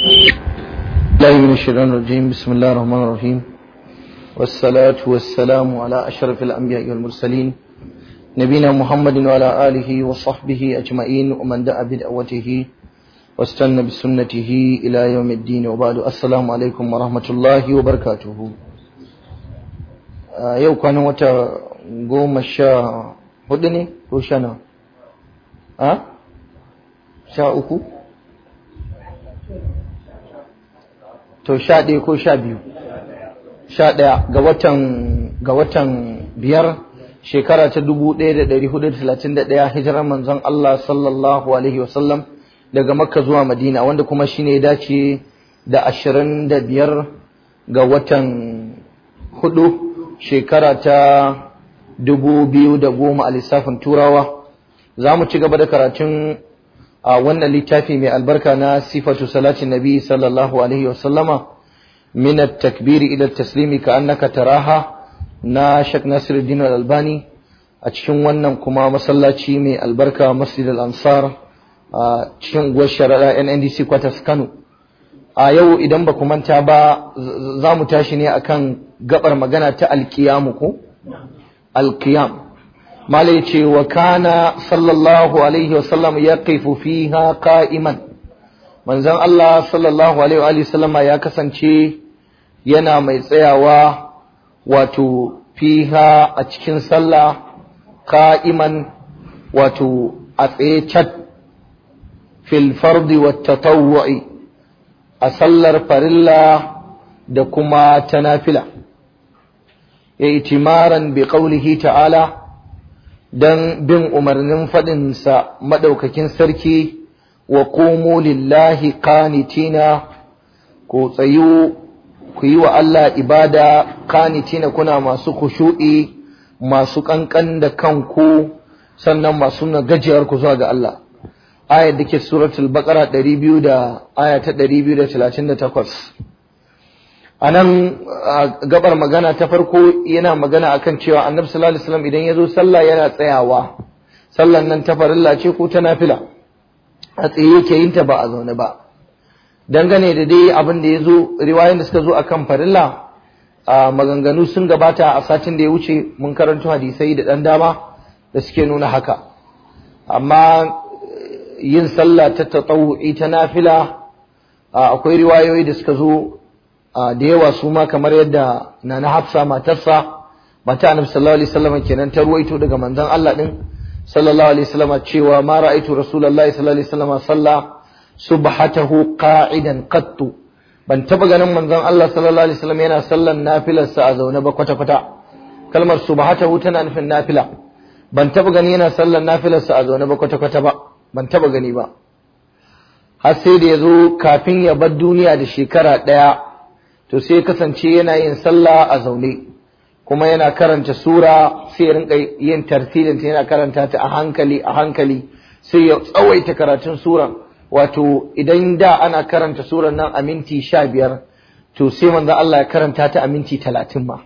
الله من الشيطان الرجيم بسم الله الرحمن الرحيم والصلاة والسلام على أشرف الأنبياء والمرسلين نبينا محمد وعلى آله وصحبه أجمعين ومن دعا بدعوته واستنى بسنته إلى يوم الدين وبعد السلام عليكم ورحمة الله وبركاته yau kwanan wata goma sha hudu ne ko sha na? a? sha uku? to sha ɗaya ko sha biyu sha ɗaya ga watan ga watan biyar shekara ta dubu ɗaya da ɗari hudu da talatin da ɗaya hijirar manzon Allah sallallahu alaihi wasallam daga makka zuwa madina wanda kuma shine ya dace da ashirin da biyar ga watan hudu shekara ta dubu biyu da goma a lissafin turawa za mu ci gaba da karatun a wannan littafi mai albarka na sifatu salatin nabi sallallahu alaihi wasallama min at-takbiri ila at-taslimi ka annaka taraha na Sheikh Nasiruddin Al-Albani a cikin wannan kuma masallaci mai albarka Masjid Al-Ansar a cikin gwashar NNDC Quarters Kano a yau idan ba ku manta ba za mu tashi ne akan gabar magana ta alkiyamu ko malai ce wa kana sallallahu alaihi wasallam ya kaifu fiha ka'iman, manzon Allah sallallahu alaihi sallam ya kasance yana mai tsayawa wato fiha a cikin sallah ka'iman wato a tsaye cat fil fardi tatawwu'i a sallar farilla da kuma tanafila ya itimaran bi qaulihi ta'ala don bin umarnin faɗinsa maɗaukakin sarki wa komo lillahi kanitina ku tsayu ku yi wa Allah ibada kanitina kuna masu kushu'i masu ƙanƙan da kanku sannan masu na gajiyar ku zuwa ga Allah ayar da ke suratul baqara 200 da aya ta 238 a nan gabar magana ta farko yana magana akan cewa annabi sallallahu alaihi wasallam idan ya zo sallah yana tsayawa sallan nan ta farilla ce ko ta nafila a tsaye yake yin ta ba a zaune ba dangane da dai abin da ya zo riwayoyin da suka zo a kan farilla maganganu sun gabata a satin da ya wuce mun karanto hadisai da dan dama da suke nuna haka amma yin sallah ta tatawu'i ta nafila akwai riwayoyi da suka zo da yawa su ma kamar yadda nana hafsa matarsa mata annabi sallallahu alaihi wasallam kenan ta ruwaito daga manzon Allah din sallallahu alaihi wasallam cewa ma ra'aitu rasulullahi sallallahu alaihi wasallam salla subhatahu qa'idan qattu ban taba ganin manzon Allah sallallahu alaihi wasallam yana sallan nafilar sa a zaune ba kwata kwata kalmar subhatahu tana nufin nafila ban taba gani yana sallan nafilar sa a zaune ba kwata kwata ba ban taba gani ba har sai da yazo kafin ya bar duniya da shekara ɗaya to sai kasance yana yin sallah a zaune kuma yana karanta sura sai ya rinka yin tartilin yana karanta ta a hankali a hankali sai ya tsawaita karatun suran wato idan da ana karanta suran nan a minti sha biyar to sai manzo Allah ya karanta ta a minti talatin ma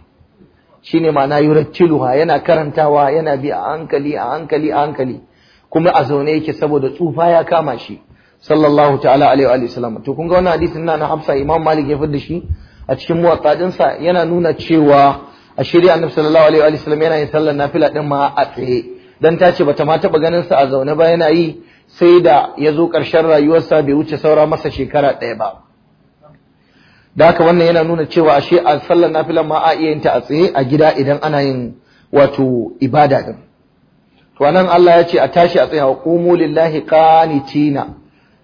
shine ma'ana yurattiluha yana karantawa yana bi a hankali a hankali a hankali kuma a zaune yake saboda tsufa ya kama shi sallallahu ta'ala alaihi wa sallam to kun ga wannan hadisin na Hafsa Imam Malik ya da shi a cikin muwatta dinsa yana nuna cewa a shirya annabi sallallahu alaihi wa sallam yana yin sallar nafila din ma a tsaye dan ta ce bata ma taba ganin sa a zaune ba yana yi sai da ya zo ƙarshen rayuwarsa bai wuce saura masa shekara ɗaya ba da haka wannan yana nuna cewa ashe a sallar nafila ma a iya yin ta a tsaye a gida idan ana yin wato ibada din to anan Allah ya ce a tashi a tsaya qumu lillahi qanitina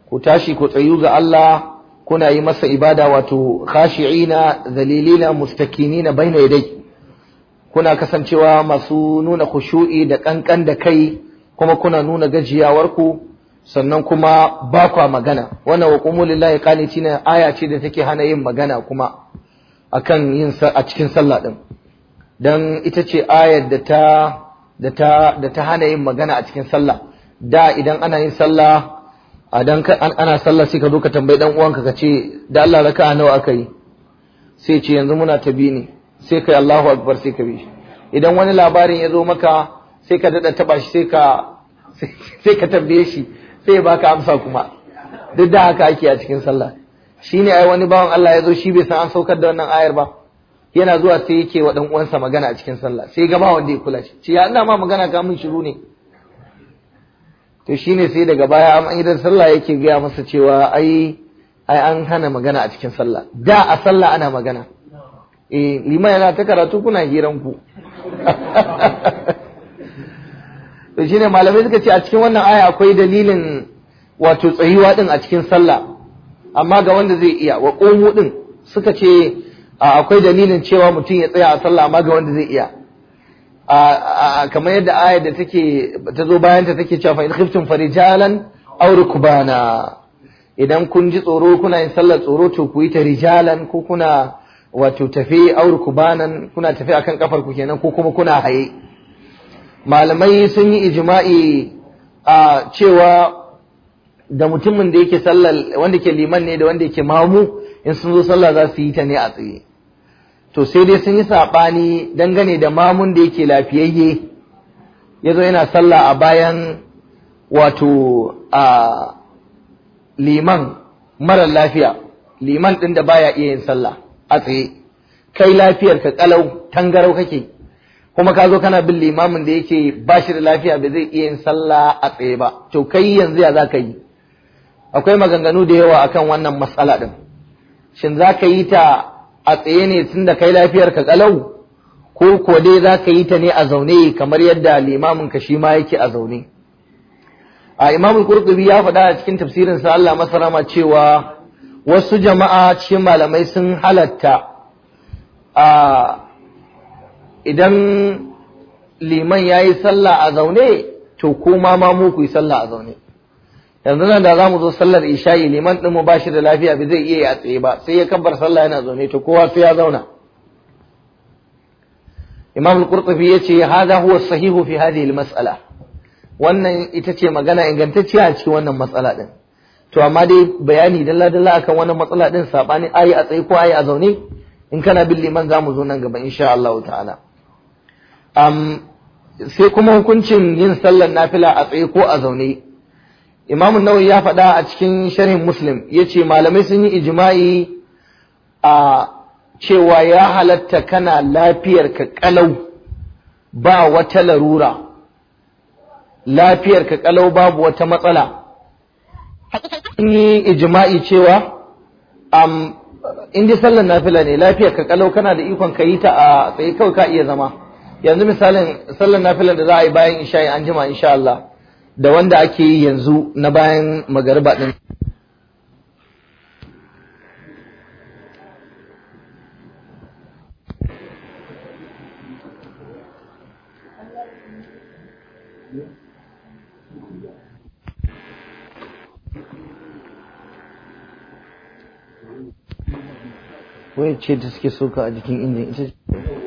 ku tashi ku tsayu ga Allah kuna yi masa ibada wato khashi'ina zalilina mustakinina baina yadai kuna kasancewa masu nuna khushu'i da kankan da kai kuma kuna nuna gajiyawar ku sannan kuma ba kwa magana wannan wa qumulillahi qanitina aya ce da take hana yin magana kuma akan yin a cikin sallah din dan ita ce ayar da ta da ta da ta hana yin magana a cikin sallah da idan ana yin sallah a dan ana sallah sai ka zo ka tambayi dan uwanka ka ce da Allah raka'a nawa aka yi sai ce yanzu muna ta bi ne sai kai Allahu akbar sai ka bi idan wani labarin ya zo maka sai ka dada taba shi sai ka sai ka tambaye shi sai ya baka amsa kuma duk da haka ake a cikin sallah shine ai wani bawan Allah ya zo shi bai san an saukar da wannan ayar ba yana zuwa sai yake wa dan uwansa magana a cikin sallah sai ga bawan da ya kula shi ce ya ina ma magana ka mun shiru ne to shi ne sai daga baya an idan sallah yake gaya masa cewa ai ai an hana magana a cikin sallah da a sallah ana magana eh liman yana ta karatu kuna hiran ku to shine malamai suka ce a cikin wannan aya akwai dalilin wato tsayuwa din a cikin sallah amma ga wanda zai iya wa komo din suka ce akwai dalilin cewa mutum ya tsaya a sallah amma ga wanda zai iya kamar yadda ayar da take ta zo bayan ta take cewa fa in khiftum farijalan aw rukbana idan kun ji tsoro kuna yin sallar tsoro to ku yi ta rijalan ko kuna wato tafi aw rukbanan kuna tafi akan kafar ku kenan ko kuma kuna haye malamai sun yi ijma'i a cewa da mutumin da yake sallar wanda ke liman ne da wanda yake mamu in sun zo sallah za su yi ta ne a tsaye to sai dai sun yi saɓani dangane da mamun da yake lafiyayye ya zo yana sallah a bayan wato a liman marar lafiya liman ɗin da baya iya yin sallah a tsaye kai lafiyar ka kalau tangarau kake kuma ka zo kana bin limamin da yake ba shi da lafiya ba zai iya yin sallah a tsaye ba to kai yanzu ya za ka yi akwai maganganu da yawa akan wannan matsala ɗin shin za ka yi ta a tsaye ne tun da kai lafiyar ka kalau ko ko dai za ka yi ta ne a zaune kamar yadda limamin ka shi ma yake a zaune a imamul qurtubi ya faɗa a cikin tafsirin sa Allah masarama cewa wasu jama'a cikin malamai sun halatta a idan liman yayi sallah a zaune to kuma ma mu ku yi sallah a zaune yanzu nan da za mu zo sallar isha'i neman ɗin mu bashi da lafiya ba zai iya a tsaye ba sai ya kabbar sallah yana zaune to kowa sai ya zauna Imam al-Qurtubi yace hada huwa sahihu fi hadhihi al-mas'ala wannan ita ce magana ingantacciya a cikin wannan matsala din to amma dai bayani dalla dalla akan wannan matsala din sabani ayi a tsaye ko ayi a zaune in kana bin liman za mu zo nan gaba insha Allah ta'ala um, sai kuma hukuncin yin sallar nafila a tsaye ko a zaune Imam Nawawi ya faɗa a cikin sharhin Muslim yace malamai sun yi ijma'i a cewa ya halatta kana lafiyar ka kalau ba wata larura lafiyar ka kalau babu wata matsala sun yi ijma'i cewa um, in dai sallar nafila ne lafiyar ka kalau kana da ikon ka yi ta a tsaye kawai ka iya zama yanzu misalin sallar nafilan da za a yi bayan isha'i an jima insha Allah da wanda ake yi yanzu na bayan magariba din Wai ce da suke soka a jikin injin ita ce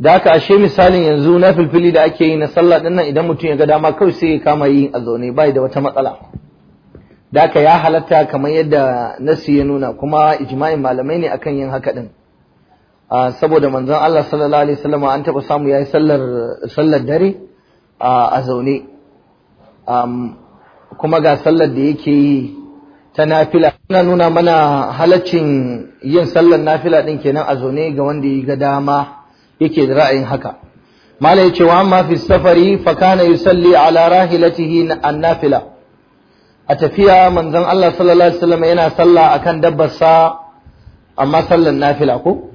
da haka ashe misalin yanzu na filfili da ake yi na sallah din nan idan mutum ya ga dama kawai sai ya kama yi a zaune bai da wata matsala da haka ya halatta kamar yadda nasi ya nuna kuma ijma'in malamai ne akan yin haka din saboda manzon Allah sallallahu alaihi wasallam an taba samu yayi sallar sallar dare a zaune kuma ga sallar da yake yi ta nafila Ina nuna mana halaccin yin sallar nafila din kenan a zaune ga wanda ya ga dama yake da ra'ayin haka mala yace wa amma fi safari fa kana yusalli ala rahilatihi nafila a tafiya manzon Allah sallallahu alaihi wasallam yana sallah akan dabbarsa amma sallan nafila ko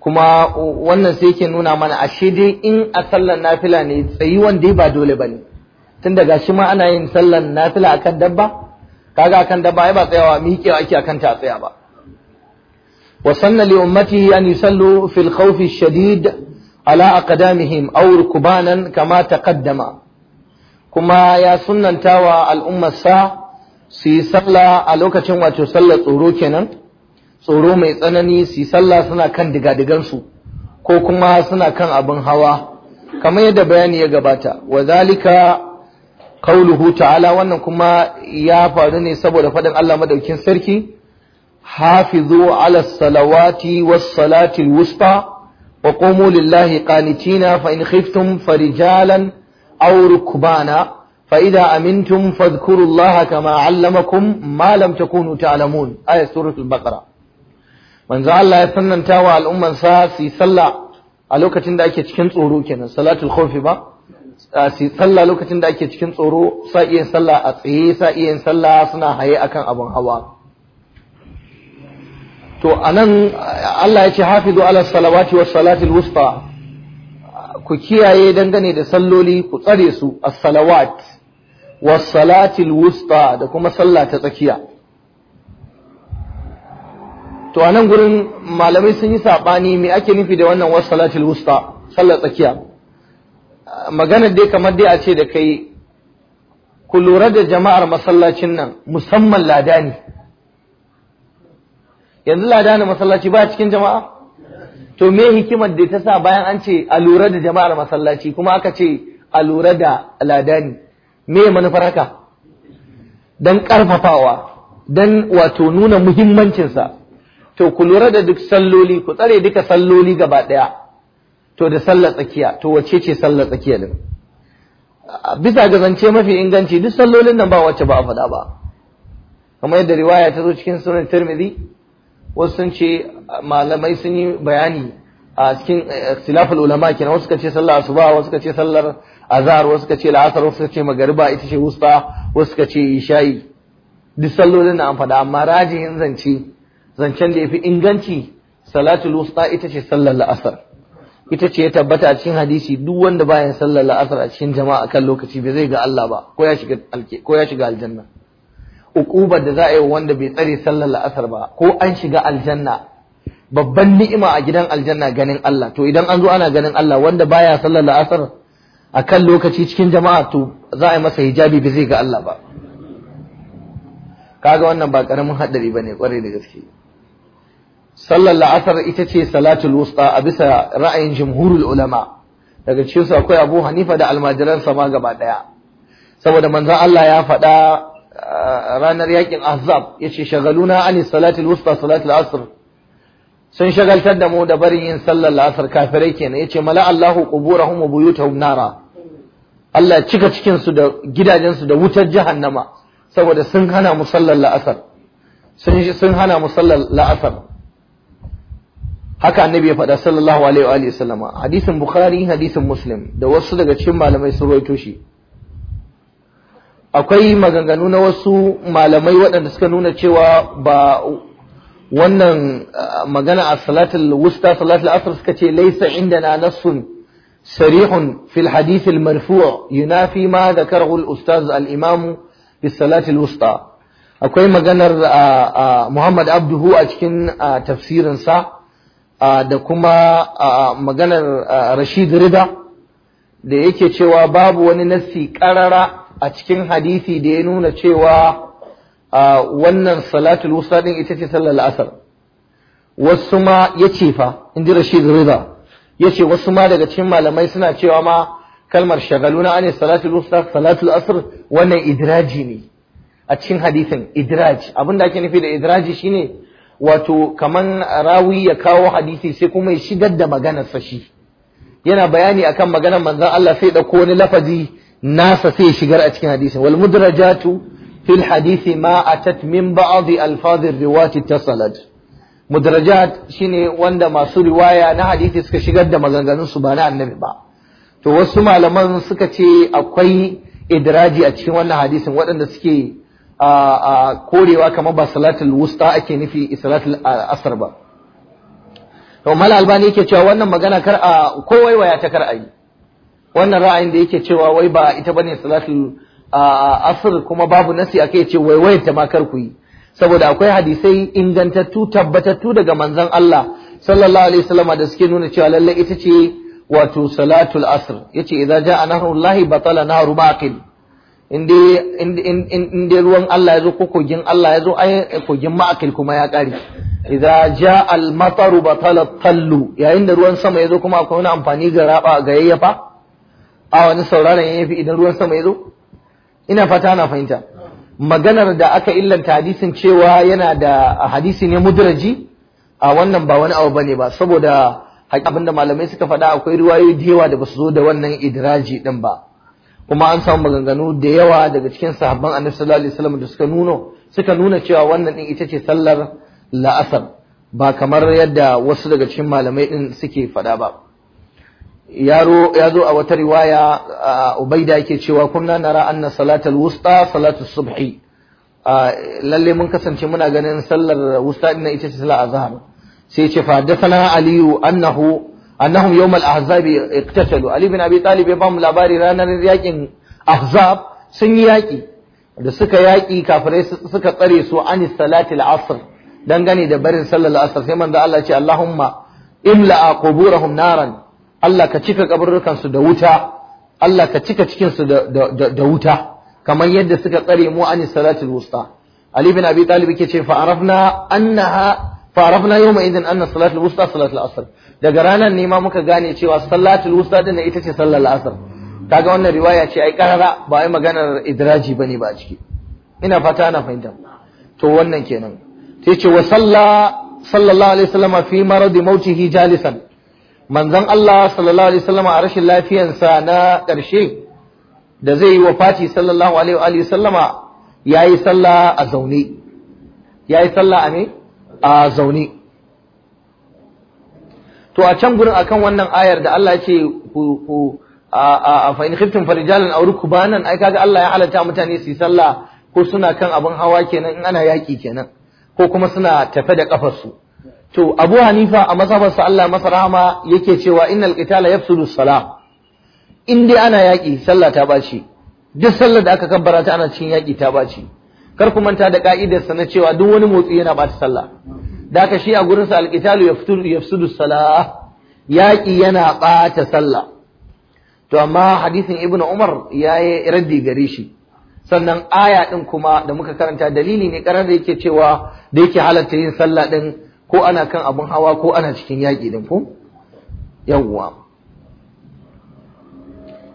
kuma wannan sai yake nuna mana ashe dai in a sallan nafila ne tsayuwan wanda ba dole bane tun daga shi ma ana yin sallan nafila akan dabba kaga akan dabba ai ba tsayawa miƙewa ake akan ta tsaya ba وصن لأمته أن يصلوا في الخوف الشديد على أقدامهم أو ركبانا كما تقدم كما يا سنن تاوى الأمة a lokacin wato ألوكة وتصلى صوروكنا tsoro mai tsanani su yi sallah suna kan digadigansu ko kuma suna kan abin hawa kamar yadda bayani ya gabata wa zalika qauluhu ta'ala wannan kuma ya faru ne saboda faɗin Allah madaukin sarki hafizu ala salawati was salati wusta wa qumu lillahi qanitina fa in khiftum farijalan aw rukbana fa idza amintum kama allamakum ma lam takunu ta'lamun ayat suratul baqara manzo Allah ya sannanta wa al'umman sa su sallah a lokacin da ake cikin tsoro kenan salatul khawfi ba su sallah lokacin da ake cikin tsoro sa iya sallah a tsaye sa iya sallah suna haye akan abin hawa to anan Allah ya ce hafizu ala salawati was salati wusta ku kiyaye dangane da salloli ku tsare su as-salawat was salati wusta da kuma sallah ta tsakiya to a gurin malamai sun yi saɓani me ake nufi da wannan wasu salati wusta sallar tsakiya maganar dai kamar dai a ce da kai ku lura da jama'ar masallacin nan musamman ladani yanzu lada na masallaci ba cikin jama'a to me hikimar da ta sa bayan an ce a lura da jama'ar masallaci kuma aka ce a lura da ladani me manufar haka don karfafawa don wato nuna muhimmancinsa to ku lura da duk salloli ku tsare duka salloli gaba ɗaya to da sallar tsakiya to wace ce sallar tsakiya din bisa ga zance mafi inganci duk sallolin nan ba wacce ba a faɗa ba kamar yadda riwaya ta zo cikin sunan tirmidhi wasu sun ce malamai sun yi bayani a cikin silafin eh, ulama kina wasu suka ce sallar asuba wasu suka ce sallar azhar wasu suka ce la'asar wasu suka ce magariba ita ce wusta wasu suka ce ishayi duk sallolin na an faɗa amma rajihin zance zancen da ya fi inganci salatul wusta ita ce sallar la'asar ita ce ya tabbata a cikin hadisi duk wanda baya sallar la'asar a cikin jama'a kan lokaci bai zai ga Allah ba ko ya shiga aljanna uqubar da za a yi wanda bai tsare sallar la'asar ba ko an shiga aljanna babban ni'ima a gidan aljanna ganin Allah to idan an zo ana ganin Allah wanda baya sallar la'asar a kan lokaci cikin jama'a to za a yi masa hijabi ba zai ga Allah ba kaga wannan ba karamin haɗari ba ne kwarai da gaske sallar la'asar ita ce salatul wusta a bisa ra'ayin jumhurul ulama daga cikinsu akwai abu hanifa da almajiransa sama gaba ɗaya saboda manzon Allah ya faɗa ranar yakin ahzab yace shagaluna ani salatul wusta salatul asr sun shagaltar da mu da barin yin sallar asr kafirai kenan yace mala Allahu quburahum wa buyutahum nara Allah cika cikin su da gidajen su da wutar jahannama saboda sun hana mu sallar la'asar sun sun hana mu sallar la'asar haka annabi ya faɗa sallallahu alaihi wa sallama hadisin bukhari hadisin muslim da wasu daga cikin malamai sun rawaito shi akwai maganganu na wasu malamai waɗanda suka nuna cewa ba wannan uh, magana a salatul wusta salatul asr suka ce laysa indana nassun sarihun fil hadith al marfu' yunafi ma dhakarahu al ustaz al imam bi salatul wusta akwai maganar uh, uh, Muhammad Abduhu a cikin tafsirinsa da kuma maganar Rashid Rida da yake cewa babu wani nassi karara a cikin hadisi da ya nuna cewa wannan salatul wusta din ita ce sallar asar wasu ma ya ce fa in ji rashid rida ya ce wasu ma daga cikin malamai suna cewa ma kalmar shagaluna ane salatul wusta salatul asar wannan idraji ne a cikin hadisin idraj abin da ake nufi da idraji shine wato kaman rawi ya kawo hadisi sai kuma ya shigar da maganarsa shi yana bayani akan maganar manzon Allah sai dauko wani lafazi nasa sai shigar a cikin hadisi wal mudrajatu fil hadisi ma atat min ba'd alfaz riwati tasalat mudrajat shine wanda masu riwaya na hadisi suka shigar da maganganun su ba na annabi ba to wasu malaman suka ce akwai idraji a cikin wannan hadisin waɗanda suke a korewa kamar ba salatul wusta ake nufi salatul asar ba to mal albani yake cewa wannan magana kar a kowai waya ta kar a yi wannan ra'ayin da yake cewa wai ba ita bane salatul asr kuma babu nasi akai ce wai wai ta ma kar ku yi saboda akwai hadisai ingantattu tabbatattu daga manzon Allah sallallahu alaihi wasallam da suke nuna cewa lalle ita ce wato salatul asr yace idza jaa nahrullahi batala nahru baqil inde inde ruwan Allah yazo ko kogin Allah yazo ai kogin ma'akil kuma ya kare idza jaa al-mataru batala tallu yayin da ruwan sama yazo kuma akwai wani amfani ga raba ga yayyafa a wani sauraron ya fi idan ruwan sama ya zo ina fata ana fahimta maganar da aka illanta hadisin cewa yana da hadisi ne mudraji a wannan ba wani abu bane ba saboda abin da malamai suka faɗa akwai riwayoyi da yawa da basu zo da wannan idraji din ba kuma an samu maganganu da yawa daga cikin sahabban annabi sallallahu alaihi wasallam da suka nuna suka nuna cewa wannan din ita ce sallar la'asar ba kamar yadda wasu daga cikin malamai din suke faɗa ba ya zo a wata riwaya ubaida yake cewa kunna nara anna salatul wusta salatu subhi lalle mun kasance muna ganin sallar wusta din ita ce sallar azhar sai ce fa dasana aliyu annahu annahum yawm al-ahzab iqtatalu ali bin abi talib ya bamu labari ranar yakin ahzab sun yi yaki da suka yaki kafirai suka tsare su an salatil asr dangane da barin sallar asr sai manzo Allah ce Allahumma imla quburahum naran Allah ka cika kaburrukansu da wuta Allah ka cika cikinsu da, da, da, wuta kamar yadda suka tsare mu an salatul wusta Ali bin Abi Talib yake ce fa arafna annaha fa arafna yawma idan anna salatul wusta salatul asr daga ranar ne ma muka gane cewa salatul wusta din ita ce sallar asr kaga wannan riwaya ce ai karara ba ai maganar idraji bane ba a ciki ina fata ana fahimta to wannan kenan sai ce wa sallallahu alaihi wasallam fi maradi mautihi jalisan Manzan Allah sallallahu alaihi wasallam a rashin lafiyansa na ƙarshe da zai yi wa Fati sallallahu alaihi wa sallama yayi sallah a zaune yayi sallah a ne? a zaune to a can gurin akan wannan ayar da Allah ya ce ku a fa in khiftum farijalan aw rukbanan ai kaga Allah ya halatta mutane su yi sallah ko suna kan abin hawa kenan in ana yaki kenan ko kuma suna tafe da kafarsu to Abu Hanifa a masabarsa Allah masa rahama yake cewa innal qitala yafsudu salah in dai ana yaƙi sallah ta baci duk sallar da aka kabbara ta ana cikin yaƙi ta baci kar ku manta da ka'idarsa na cewa duk wani motsi yana bata sallah da aka shi a gurinsa alqitalu yafsudu yafsudu salah yaƙi yana ɓata sallah to amma hadisin ibnu umar ya yi raddi gare shi sannan aya ɗin kuma da muka karanta dalili ne karar da yake cewa da yake halatta yin sallah din ko ana kan abin hawa ko ana cikin yaƙi din ko yawwa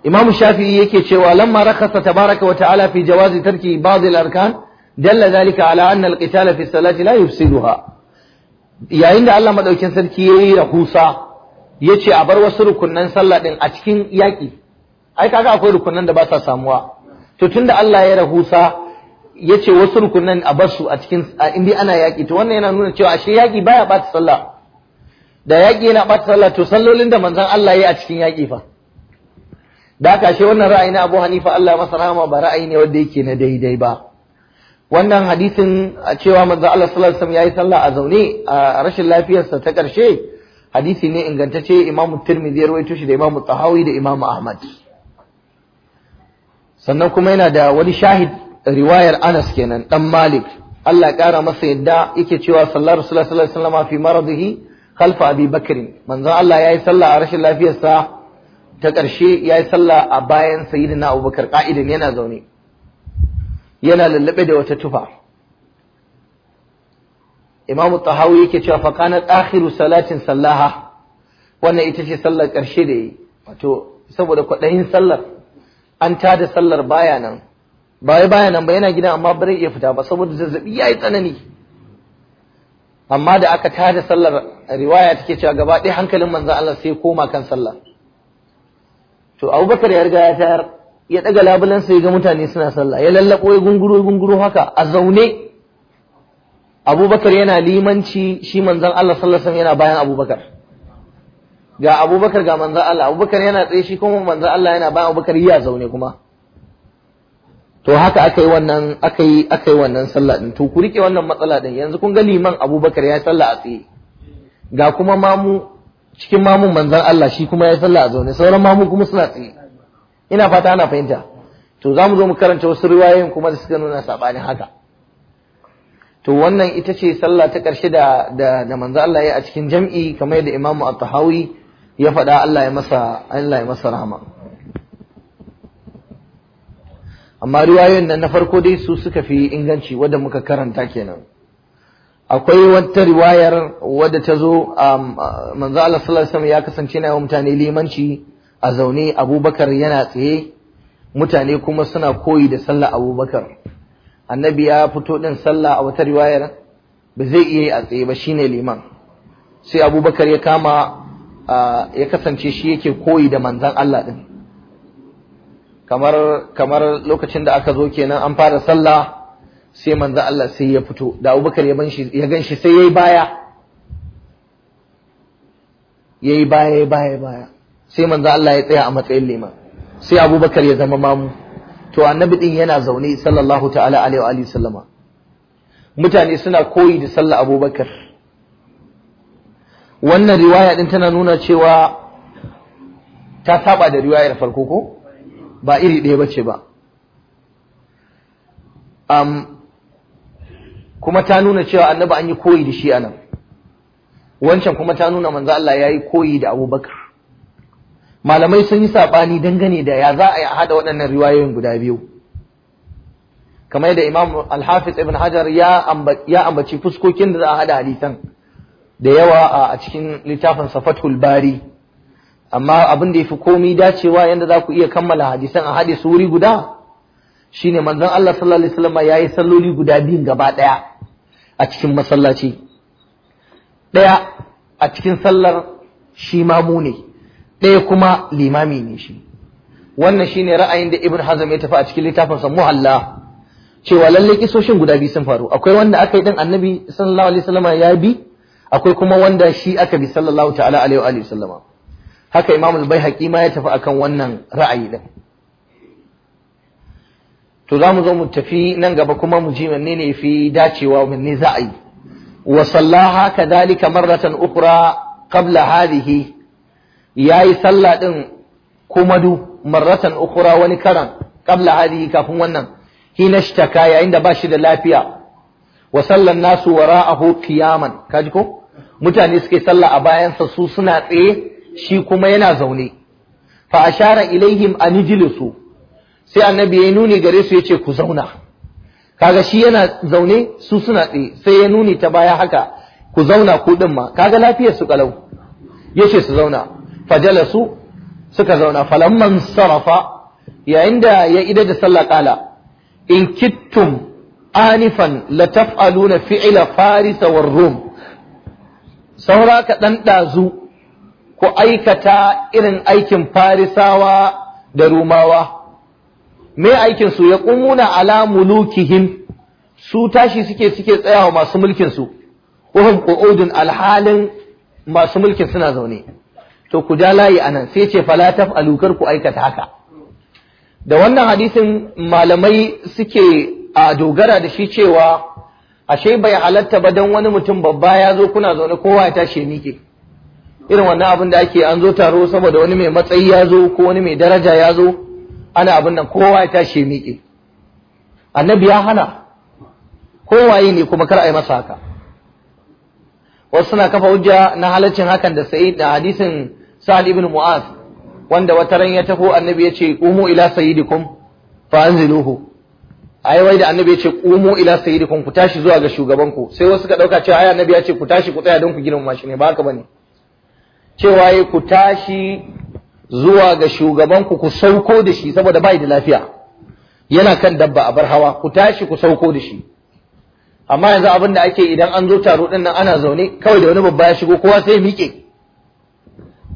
imamu shafi'i yake cewa lamma rakasa tabaraka wa ta'ala fi jawazi tarki ba'd al-arkan dalla zalika ala anna al-qitala fi salati la yufsiduha yayin da Allah madaukin sarki yayi rahusa yace a bar wasu rukunnan sallah din a cikin yaƙi. ai kaga akwai rukunnan da ba sa samuwa to tunda Allah ya rahusa ya ce wasu rukunan a basu a cikin inda ana yaƙi to wannan yana nuna cewa ashe yaƙi baya ɓata sallah da yaƙi yana ɓata sallah to sallolin da manzon Allah ya yi a cikin yaƙi fa da haka ashe wannan ra'ayi na Abu Hanifa Allah masa rahama ba ra'ayi ne wanda yake na daidai ba wannan hadisin a cewa manzon Allah sallallahu alaihi wasallam yayi sallah a zaune a rashin lafiyarsa ta ƙarshe hadisi ne ingantacce Imam Tirmidhi ya rawaito shi da Imam Tahawi da Imam Ahmad sannan kuma yana da wani shahid riwayar Anas kenan dan Malik Allah kara masa yadda yake cewa sallar sallallahu alaihi wasallam fi maradihi khalfa Abi Bakr manzon Allah yayi sallah a rashin lafiyarsa ta ƙarshe yayi sallah a bayan sayyidina Abubakar qa'idan yana zaune yana lallabe da wata tufa Imam Tahawi yake cewa fa kana akhiru salatin sallaha wannan ita ce sallar ƙarshe da yi wato saboda kwaɗayin sallar an tada sallar baya nan ba ya baya nan ba yana gida amma ba zai iya fita ba saboda zazzabi ya yi tsanani amma da aka tada sallar riwaya take cewa gaba ɗaya hankalin manzan Allah sai koma kan sallah to Abubakar ya riga ya tayar ya ɗaga labulan sai ga mutane suna sallah ya lallako ya gunguro gunguro haka a zaune Abubakar yana limanci shi manzan Allah sallar alaihi yana bayan Abubakar ga Abubakar ga manzan Allah Abubakar yana tsaye shi kuma manzan Allah yana bayan Abubakar ya zaune kuma to haka aka yi wannan aka yi aka yi wannan sallah din to ku rike wannan matsala din yanzu kun ga liman Abubakar ya sallah a tsaye ga kuma mamu cikin mamun manzon Allah shi kuma ya sallah a zaune sauran mamu kuma suna tsaye ina fata ana fahimta to zamu zo mu karanta wasu riwayoyin kuma da suka nuna sabanin haka to wannan ita ce sallah ta ƙarshe da da, da manzon Allah ya a cikin jami'i kamar yadda Imam At-Tahawi ya faɗa Allah ya masa Allah ya masa rahama amma riwayoyin nan na farko dai su suka fi inganci wadda muka karanta kenan akwai wata riwayar wadda ta zo um, manzo Allah sallallahu alaihi ya kasance na mutane limanci a zaune Abubakar yana tsaye mutane kuma suna koyi da sallah Abubakar annabi ya fito din sallah a wata riwayar ba zai iya yi a tsaye ba shine liman sai Abubakar ya kama uh, ya kasance shi yake koyi da manzon Allah din kamar kamar lokacin da aka zo kenan an fara sallah sai manzo Allah sai ya fito da Abubakar ya ban shi ya gan shi sai yayi baya yayi baya yayi baya baya sai manzo Allah ya tsaya a matsayin liman sai Abubakar ya zama mamu to annabi din yana zaune sallallahu ta'ala alaihi wa alihi sallama mutane suna koyi da sallah Abubakar wannan riwaya din tana nuna cewa ta saba da riwayar farko ko ba iri ɗaya ba ce ba kuma ta nuna cewa annaba an yi koyi da shi anan wancan kuma ta nuna manzo Allah ya yi koyi da Abubakar malamai sun yi saɓani dangane da ya za a yi haɗa waɗannan riwayoyin guda biyu kamar da Imam Al-Hafiz Ibn Hajar ya ambaci fuskokin da za a haɗa hadisan da yawa a cikin littafin Safatul Bari amma abin da ya fi komi dacewa yadda za ku iya kammala hadisan a haɗe su wuri guda shine manzon Allah sallallahu alaihi wasallam ya yi salloli guda biyun gaba ɗaya a cikin masallaci ɗaya a cikin sallar shi mamu ne ɗaya kuma limami ne shi wannan shi ne ra'ayin da Ibn Hazm ya tafi a cikin littafin Muhalla cewa lalle kisoshin guda biyu sun faru akwai wanda aka yi dan Annabi sallallahu alaihi wasallam ya bi akwai kuma wanda shi aka bi sallallahu ta'ala alaihi haka imamul bai ma ya tafi akan wannan ra'ayi din to za mu zo mu tafi nan gaba kuma mu ji wanne ne fi dacewa wanne za a yi wa sallaha kadhalika marratan ukhra qabla ya yi sallah ɗin kuma du marratan ukura wani karan qabla hadhihi kafin wannan hina shtaka yayin da bashi da lafiya wa sallan nasu wara'ahu qiyaman kaji ko mutane suke sallah a bayansa su suna tsaye shi kuma yana zaune fa ashara ilaihim an ijlisu sai annabi ya nuni gare su yace ku zauna kaga shi yana zaune su suna tsaye sai ya nuni ta baya haka ku zauna ku din ma kaga lafiyar su kalau yace su zauna fajalasu suka zauna falamman sarafa yayin da ya ida da sallah kala in kittum anifan la taf'aluna fi'la farisa war rum saura ka dan dazu ku aikata irin aikin farisawa da rumawa me aikin su ya kumuna ala mulukihim su tashi suke suke tsayawa masu mulkin su ko wahum qu'udun alhalin masu mulkin suna zaune to ku ja layi anan sai ce fala taf'alu kar ku aikata haka da wannan hadisin malamai suke a dogara da shi cewa ashe bai halatta ba dan wani mutum babba ya zo kuna zaune kowa ya tashi ya irin wannan abin da ake an zo taro saboda wani mai matsayi ya zo ko wani mai daraja ya zo ana abin nan kowa ya tashi miƙe annabi ya hana kowaye ne kuma kar a yi masa haka wasu suna kafa hujja na halaccin hakan da sa'id da hadisin sa'ad ibn mu'az wanda wata ran ya taho annabi ya ce qumu ila sayyidikum fa anziluhu ai wai da annabi ya ce qumu ila sayyidikum ku tashi zuwa ga shugabanku sai wasu ka dauka cewa ai annabi ya ce ku tashi ku tsaya don ku girmama shi ne ba haka bane cewa ya ku tashi zuwa ga shugabanku ku sauko da shi saboda bai da lafiya yana kan dabba a bar hawa ku tashi ku sauko da shi amma yanzu abin da ake idan an zo taro din nan ana zaune kawai da wani babba ya shigo kowa sai miƙe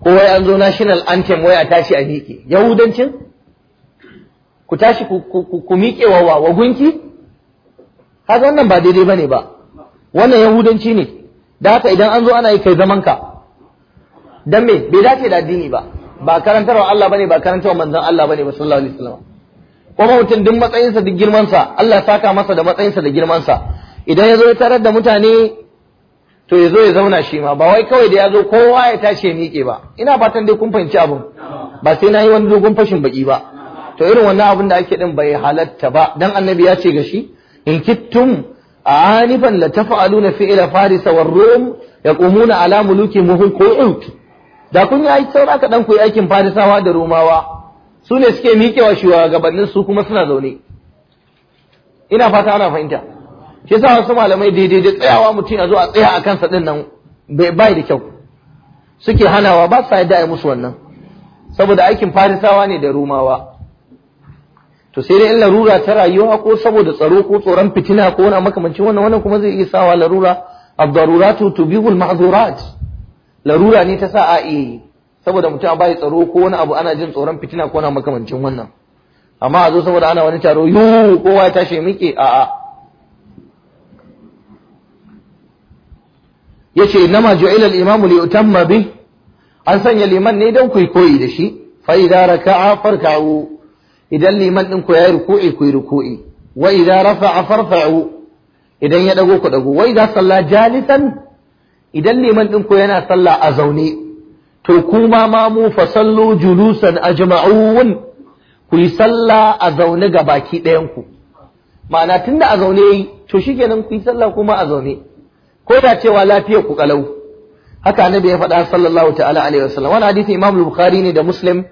kowa an zo national anthem a tashi a miƙe yahudancin ku tashi ku miƙe wa wa gunki haka wannan ba daidai bane ba wannan yahudanci ne da haka idan an zo ana yi kai zaman ka dan me bai dace da addini ba ba karantarwa Allah bane ba karantarwa manzon Allah bane ba sallallahu alaihi wasallam kuma mutum duk matsayinsa duk sa, Allah ya saka masa da matsayinsa da girman sa. idan ya zo ya tarar da mutane to ya ya zauna shi ma ba wai kawai da ya zo kowa ya tashi ya miƙe ba ina fatan dai kun fahimci abin ba sai na yi wani dogon fashin baki ba to irin wannan abin da ake din bai halatta ba dan annabi ya ce ga shi in kittum anifan la taf'aluna fi'la farisa war rum yaqumuna ala mulukihim hum da kun yi saura kaɗan ku yi aikin farisawa da rumawa su ne suke miƙewa shugabannin su kuma suna zaune ina fata ana fahimta shi yasa wasu malamai daidai da tsayawa mutum a zo a tsaya a kansa ɗinnan nan bai da kyau suke hanawa ba sa yadda a musu wannan saboda aikin farisawa ne da rumawa to sai dai in larura ta rayuwa ko saboda tsaro ko tsoron fitina ko wani makamancin wannan wannan kuma zai iya sawa larura abdaruratu tubihul mahzurat larura ne ta sa a iya yi saboda mutum a bayi tsaro ko wani abu ana jin tsoron fitina ko na makamancin wannan amma a zo saboda ana wani taro yu kowa ya tashi muke a a yace nama ju'ila al-imamu li utamma bi an sanya liman ne don kwaikwayi da shi fa raka a farka'u idan liman din ku yi ruku'i ku yi ruku'i wa rafa a farfa'u idan ya ɗago ku dago wa idza salla jalisan idan liman ɗin ko yana sallah a zaune to kuma ma mu fa sallu julusan ajma'un ku yi sallah a zaune ga baki ɗayan ku ma'ana tunda a zaune yayi to shikenan ku yi sallah kuma a zaune ko da cewa lafiyar ku kalau haka annabi ya faɗa sallallahu ta'ala alaihi wasallam wannan hadisi Imam Bukhari ne da Muslim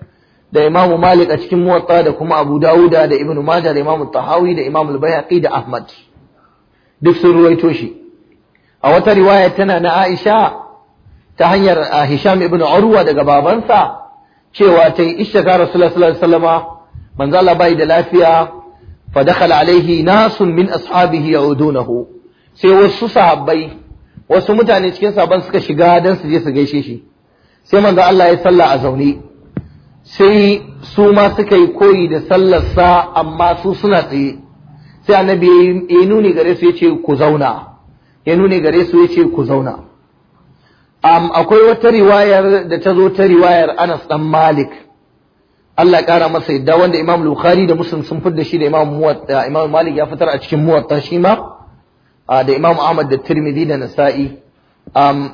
da Imam Malik a cikin Muwatta da kuma Abu Dawuda da Ibn Majah da Imam Tahawi da Imam Al-Baihaqi da Ahmad duk sun ruwaito shi a wata riwaya tana na Aisha ta hanyar Hisham ibn Urwa daga babansa cewa ta yi ishtaka Rasulullah sallallahu alaihi wasallama manzo Allah bai da lafiya fa dakhala alaihi nasun min ashabihi yaudunahu sai wasu sahabbai wasu mutane cikin sahabban suka shiga dan su je su gaishe shi sai manzo Allah ya salla a zaune sai su ma suka yi koyi da sallar sa amma su suna tsaye sai annabi ya yi nuni gare su ya ce ku zauna ya nune gare su ya ce ku zauna um, akwai wata riwayar da ta zo ta riwayar anas dan malik Allah ƙara masa yadda wanda imam bukhari da muslim sun fitar da shi da imam imam malik ya fitar a cikin muwatta shi ma da imam ahmad da tirmidhi da nasa'i um,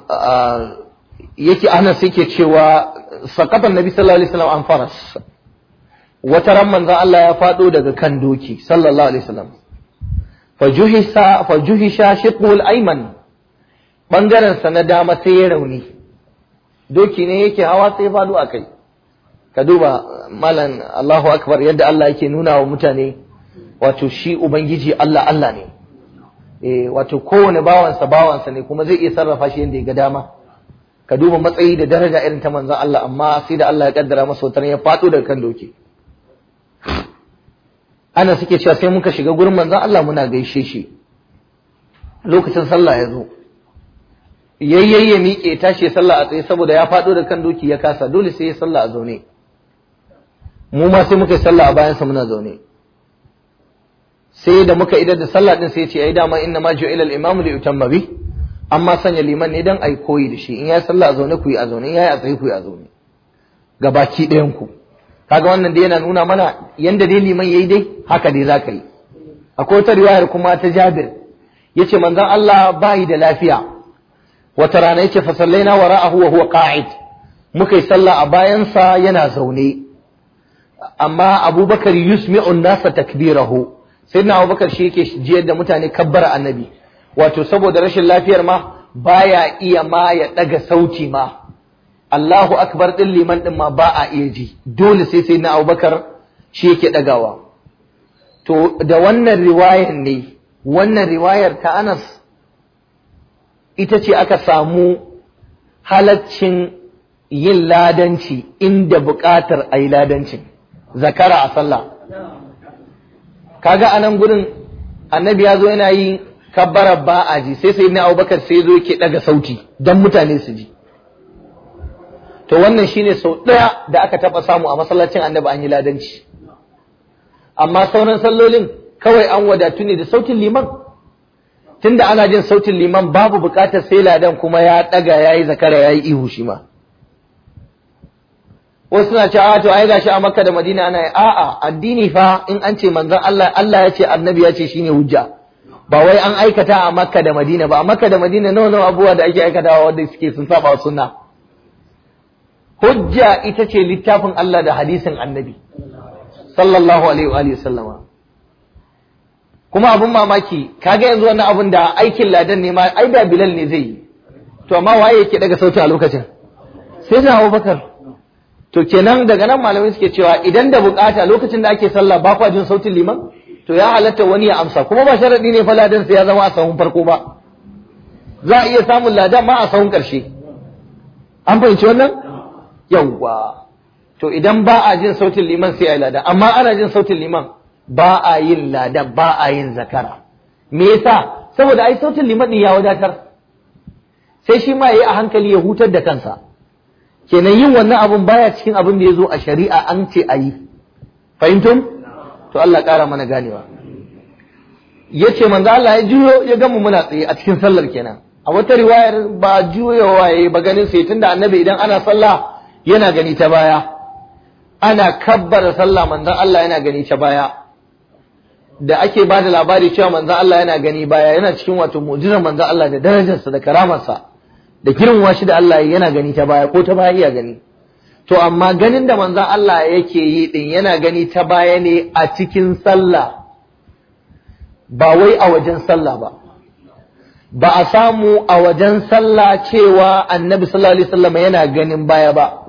yake anas yake cewa sakatan nabi sallallahu alaihi wasallam an faras wata ran manzon Allah ya faɗo daga kan doki sallallahu alaihi wasallam fa juhisha shiqul ayman bangaren sa na dama sai ya rauni doki ne yake hawa sai fado akai ka duba malan Allahu akbar yadda Allah yake nuna wa mutane wato shi ubangiji Allah Allah ne eh, wato kowane bawansa bawansa ne kuma zai iya sarrafa shi yadda ya ga dama ka duba matsayi da daraja irin ta manzon Allah amma sai da Allah ya kaddara masa wutar ya faɗo daga kan doki ana suke cewa sai muka shiga gurin manzon Allah muna gaishe shi lokacin sallah ya zo yayyaye ya miƙe tashi sallah a tsaye saboda ya faɗo da kan doki ya kasa dole sai ya sallah a zaune mu ma sai muka yi sallah a bayansa muna zaune sai da muka idar da sallah din sai ya ce ai dama inna ma ju'ila al-imamu li yutamma bi amma sanya liman ne dan ai koyi da shi in ya sallah a zaune ku yi a zaune in ya yi a tsaye ku yi a zaune gabaki ɗayan ku kaga wannan dai yana nuna mana yanda dai liman yayi dai haka dai zaka yi akwai wata riwayar kuma ta Jabir yace manzon Allah bai da lafiya wata rana yace fa sallaina wara'ahu wa huwa qa'id muka yi sallah a bayansa yana zaune amma Abubakar yusmi'u nasa takbirahu sayyidina Abubakar shi yake jiyar da mutane kabbara annabi wato saboda rashin lafiyar ma baya iya ma ya daga sauti ma Allahu akbar ɗin liman ɗin ma ba a iya ji dole sai sai na Abubakar shi yake dagawa to da wannan riwayar ne wannan riwayar ta Anas ita ce aka samu halaccin yin ladanci inda buƙatar a yi ladancin zakara a sallah kaga anan gurin annabi ya zo yana yi kabbara ba a ji sai sai na abubakar sai zo yake daga sauti don mutane su ji to wannan shine sau ɗaya da aka taɓa samu a masallacin annabi an yi ladanci amma sauran sallolin kawai an wadatu ne da sautin liman tunda ana jin sautin liman babu buƙatar sai ladan kuma ya ɗaga ya yi zakara ya yi ihu shi ma wasu suna cewa to ai gashi a makka da madina ana yi a'a addini fa in an ce manzon Allah Allah ya ce annabi ya ce shine hujja ba wai an aikata a makka da madina ba a makka da madina nawa nawa abubuwa da ake aikatawa wanda suke sun saba sunna hujja ita ce littafin Allah da hadisin annabi sallallahu alaihi wa sallama kuma abin mamaki kaga yanzu wannan abun da aikin ladan ne ma ai da bilal ne zai yi to amma waye yake daga sauti a lokacin sai da abubakar to kenan daga nan malamai suke cewa idan da bukata lokacin da ake sallah ba kwa sautin liman to ya halatta wani ya amsa kuma ba sharadi ne fa ladan sai ya zama a sahun farko ba za a iya samun ladan ma a sahun karshe an fahimci wannan yawwa to idan ba a jin sautin liman sai a yi lada amma ana jin sautin liman ba a yin lada ba a yin zakara me yasa saboda ai sautin liman din ya wadatar sai shi ma yayi a hankali ya hutar da kansa kenan yin wannan abun baya cikin abin da ya zo a shari'a an ce a yi fahimtum to Allah ƙara mana ganewa yace ce manzo Allah ya juyo ya mu muna tsaye a cikin sallar kenan a wata riwayar ba juyowa ya ba ganin sai tunda annabi idan ana sallah yana gani ta baya ana kabbara sallah manzon Allah yana gani ta baya da ake ba da labari cewa manzon Allah yana gani baya yana cikin wato mu'jizar manzon Allah da darajarsa da karamarsa da girmama shi da Allah yana gani ta baya ko ta baya iya gani to amma ganin da manzon Allah yake yi din yana gani ta baya ne a cikin sallah ba wai a wajen sallah ba ba a samu a wajen sallah cewa annabi sallallahu alaihi wasallam yana ganin baya ba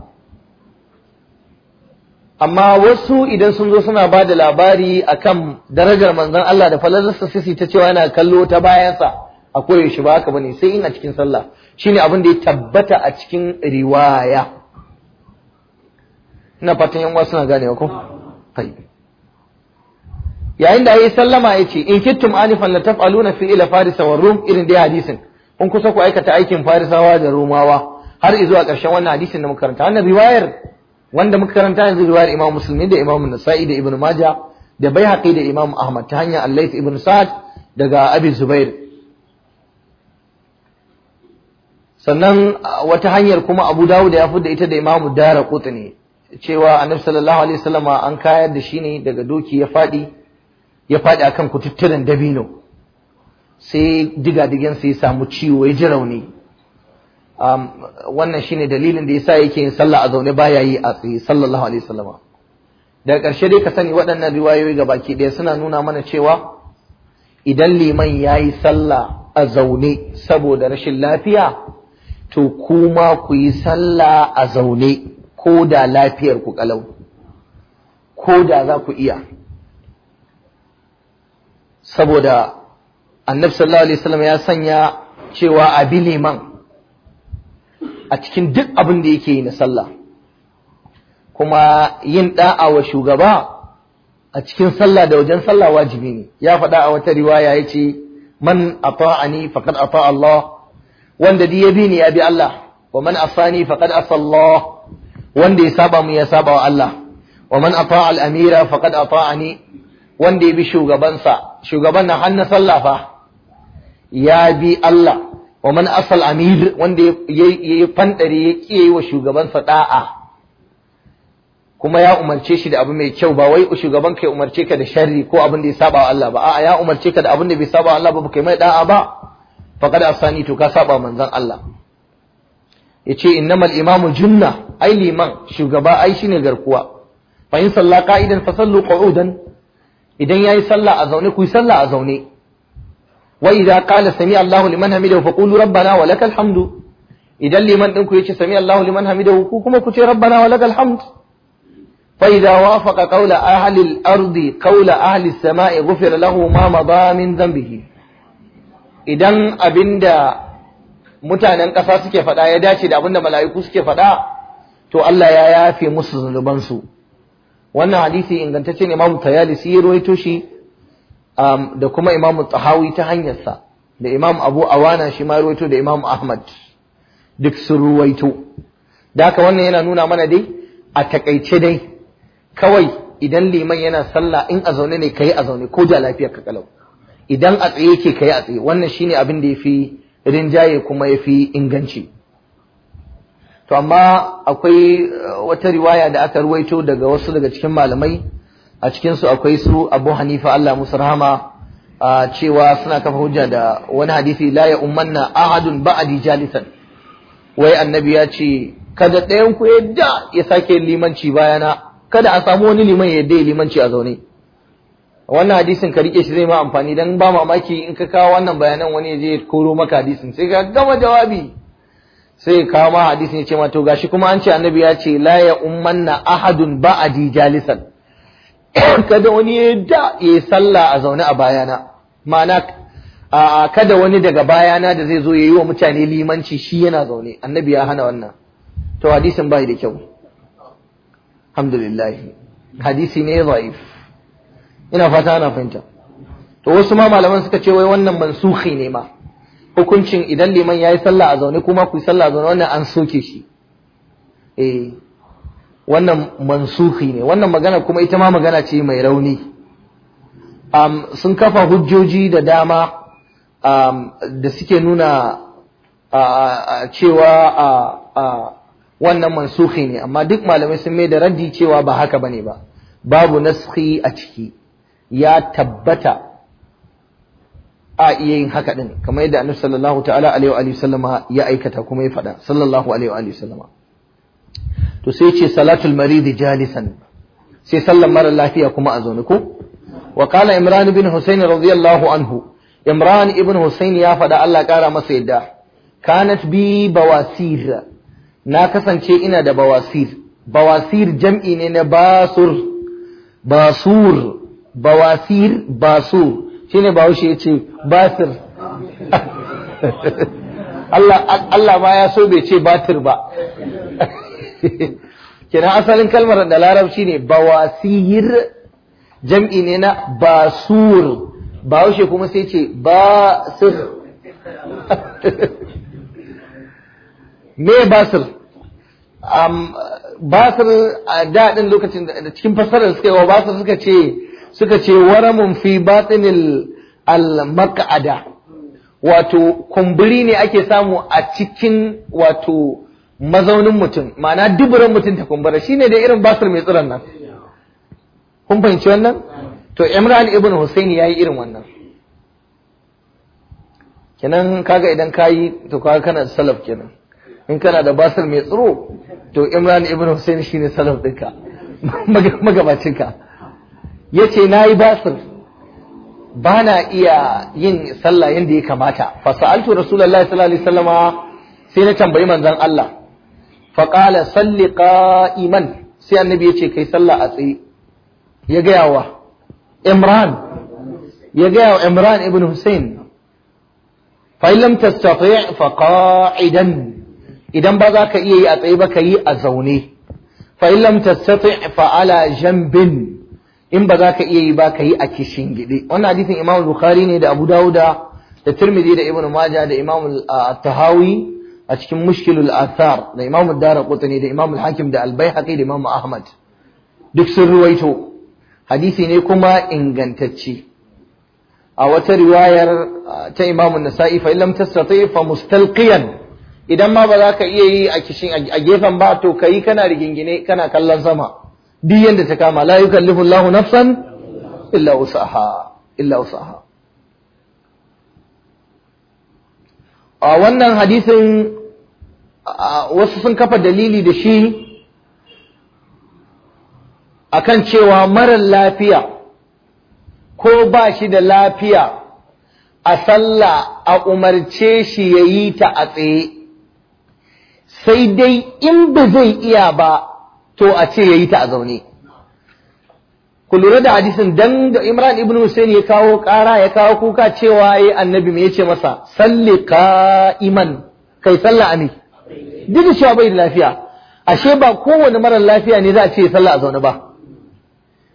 amma wasu idan sun zo suna ba da labari akan darajar manzon Allah da falalarsa sai ta cewa yana kallo ta bayansa a shi ba haka bane sai ina cikin sallah shine abin da ya tabbata a cikin riwaya ina fatan yan uwa suna gane ko yayin da yayi sallama ya ce, in kittum anifan la taf'aluna fi ila farisa wa rum irin dai hadisin kun kusa ku aikata aikin farisawa da romawa har izuwa ƙarshen wannan hadisin da muka karanta wannan riwayar wanda muka karanta yanzu riwayar Imam Musulmi da Imam Nasa'i da Ibn Majah da Baihaqi da Imam Ahmad ta hanyar Allah Ibn Sa'ad daga Abi Zubair sannan wata hanyar kuma Abu Dawud ya fi da ita da Imam ne. cewa Annabi sallallahu alaihi wasallama an kayar da shi ne daga doki ya fadi ya fadi akan kututturen dabino sai diga-digen sai ya samu ciwo ya ji rauni Um, wannan shine dalilin da yasa yake yin sallah a zaune baya yi a tsaye sallallahu alaihi wasallama daga ƙarshe dai ka sani waɗannan riwayoyi ga baki ɗaya suna nuna mana cewa idan liman ya yi sallah a zaune saboda rashin lafiya to kuma ku yi sallah a zaune ko da lafiyar ku kalau ko da za ku iya saboda annabi sallallahu alaihi wasallam ya sanya cewa a bi liman a cikin duk abin da yake yi na sallah kuma yin da'a wa shugaba a cikin sallah da wajen sallah wajibi ne ya faɗa a wata riwaya ya ce man ata'ani faqad ata Allah wanda ya bi ni ya bi Allah wa man asani faqad asa Allah wanda ya saba mu ya saba wa Allah wa man ata al amira faqad ata'ani wanda ya bi shugabansa shugaban na hannu sallah fa ya bi Allah wa man asal amir wanda ya yi fandare ya kiyaye wa shugabansa da'a kuma ya umarce shi da abu mai kyau ba wai shugaban ka ya umarce ka da sharri ko abin da ya saba wa Allah ba a'a ya umarce ka da abin da bai saba wa Allah ba kai mai da'a ba faqad asani to ka saba manzon Allah yace innamal imamu junna ai liman shugaba ai shine garkuwa fa in salla qa'idan fa sallu qu'udan idan yayi sallah a zaune ku yi sallah a zaune wai idan qala sami Allahu liman hamidahu fa qulu rabbana wa lakal idan liman din yace sami Allahu liman hamidahu ku kuma ku ce rabbana wa lakal hamd fa idza wafaqa qawla ahli al-ardi qawla ahli samai ghufira ma madha min biki. idan abinda mutanen kasa suke faɗa ya dace da abinda mala'iku suke faɗa, to Allah ya yafe musu zulubansu wannan hadisi ingantacce ne mamu tayalisi ya rawaito shi Um, da kuma imamu tsahawi ta hanyarsa da imam abu awana shi ma ruwaito da imam ahmad duk sun ruwaito da haka wannan yana nuna mana dai a takaice dai kawai idan liman yana sallah in a zaune ne kai a zaune ko da lafiyar ka kalau idan a tsaye ke kai a tsaye wannan shine abin da yafi rinjaye kuma ya fi inganci to amma akwai uh, wata riwaya da aka ruwaito daga wasu daga cikin malamai a cikin su akwai su Abu Hanifa Allah musu rahama cewa suna kafa hujja da wani hadisi la ya ummanna ahadun ba'di jalisan wai annabi ya ce kada ɗayan ku yadda ya sake limanci bayana kada a samu wani liman ya yadda limanci a zaune wannan hadisin ka rike shi zai ma amfani dan ba mamaki in ka kawo wannan bayanan wani ya je koro maka hadisin sai ka gama jawabi sai kawo ma hadisin ya ce ma to gashi kuma an ce annabi ya ce la ya ummanna ahadun ba'di jalisan kada wani ya da ya sallah a zaune a bayana ma'ana a kada wani daga bayana da zai zo ya yi wa mutane limanci shi yana zaune annabi ya hana wannan to hadisin bai da kyau alhamdulillah hadisi ne dhaif ina fata ana fahimta to wasu ma malaman suka ce wai wannan mansuhi ne ma hukuncin idan liman yayi sallah a zaune kuma ku yi sallah a zaune wannan an soke shi eh wannan mansuhi ne wannan magana kuma ita ma magana ce mai rauni um, sun kafa hujjoji da dama um, da suke nuna uh, cewa uh, uh, wannan mansuhi ne amma duk malamai sun mai da raddi cewa ba haka bane ba babu naskhi a ciki ya tabbata a iya yin haka din kamar yadda annabi sallallahu ta'ala alaihi wa sallama ya aikata kuma ya faɗa sallallahu alaihi wa sallama to sai ce salatul maridi jalisan sai sallan mara lafiya kuma a zaune ko wa qala imran ibn husayn radiyallahu anhu imran ibn husayn ya faɗa Allah kara masa yadda kanat bi bawasir na kasance ina da bawasir bawasir jam'i ne na basur basur bawasir basur shine bawushe yace basir Allah Allah ma ya so bai ce batir ba kina asalin kalmar da larabci ne bawasir jam'i ne na basur haushe kuma sai ce basir me basir basir a daɗin lokacin da cikin fassarar suka yi wa basir suka ce suka ce waramun fi batinil al makaada wato kumburi ne ake samu a cikin wato mazaunin mutum ma'ana duburan mutum ta kumbura shine da irin basir mai tsiran nan kun fahimci wannan to imran ibn husaini yayi irin wannan kenan kaga idan kayi to kaga kana salaf kenan in kana da basir mai tsiro to imran ibn husaini shine salaf dinka magabacinka yace nayi basir bana iya yin sallah yanda ya kamata fa sa'altu rasulullahi sallallahu alaihi wasallama sai na tambayi manzon Allah faƙala sallika iman sai annabi ya ce kai sallah a tsaye ya gaya wa imran ya gaya wa imran ibn hussein fa'ilam tastati faqa'idan idan ba za ka iya yi a tsaye ba ka yi a zaune fa'ilam tastati fa'ala jambin in ba za ka iya yi ba ka yi a kishin gide wannan hadisin imam bukhari ne da abu dawuda da tirmidhi da ibn majah da imam at-tahawi uh, a cikin mushkilul athar da imamu dara kutani da imamu hakim da albayhaqi da imamu ahmad duk sun ruwaito hadisi ne kuma ingantacce a wata riwayar ta imamu nasa'i fa illam tastati fa mustalqiyan idan ma ba za ka iya yi a kishin a gefen ba to kayi kana rigingine kana kallon sama duk yanda ta kama layukan yukallifu Allahu nafsan illa usaha illa usaha a wannan hadisin wasu sun kafa dalili da shi akan cewa marar lafiya ko ba shi da lafiya a sallah a umarce shi ya yi ta a tsaye sai dai in ba zai iya ba to a ce ya yi ta a zaune ku lura da hadisin dan da Imran ibn Hussein ya kawo kara ya kawo kuka cewa ai annabi me yace masa salli qa'iman kai sallah ami duk cewa bai da lafiya ashe ba kowane marar lafiya ne za a ce sallah a zaune ba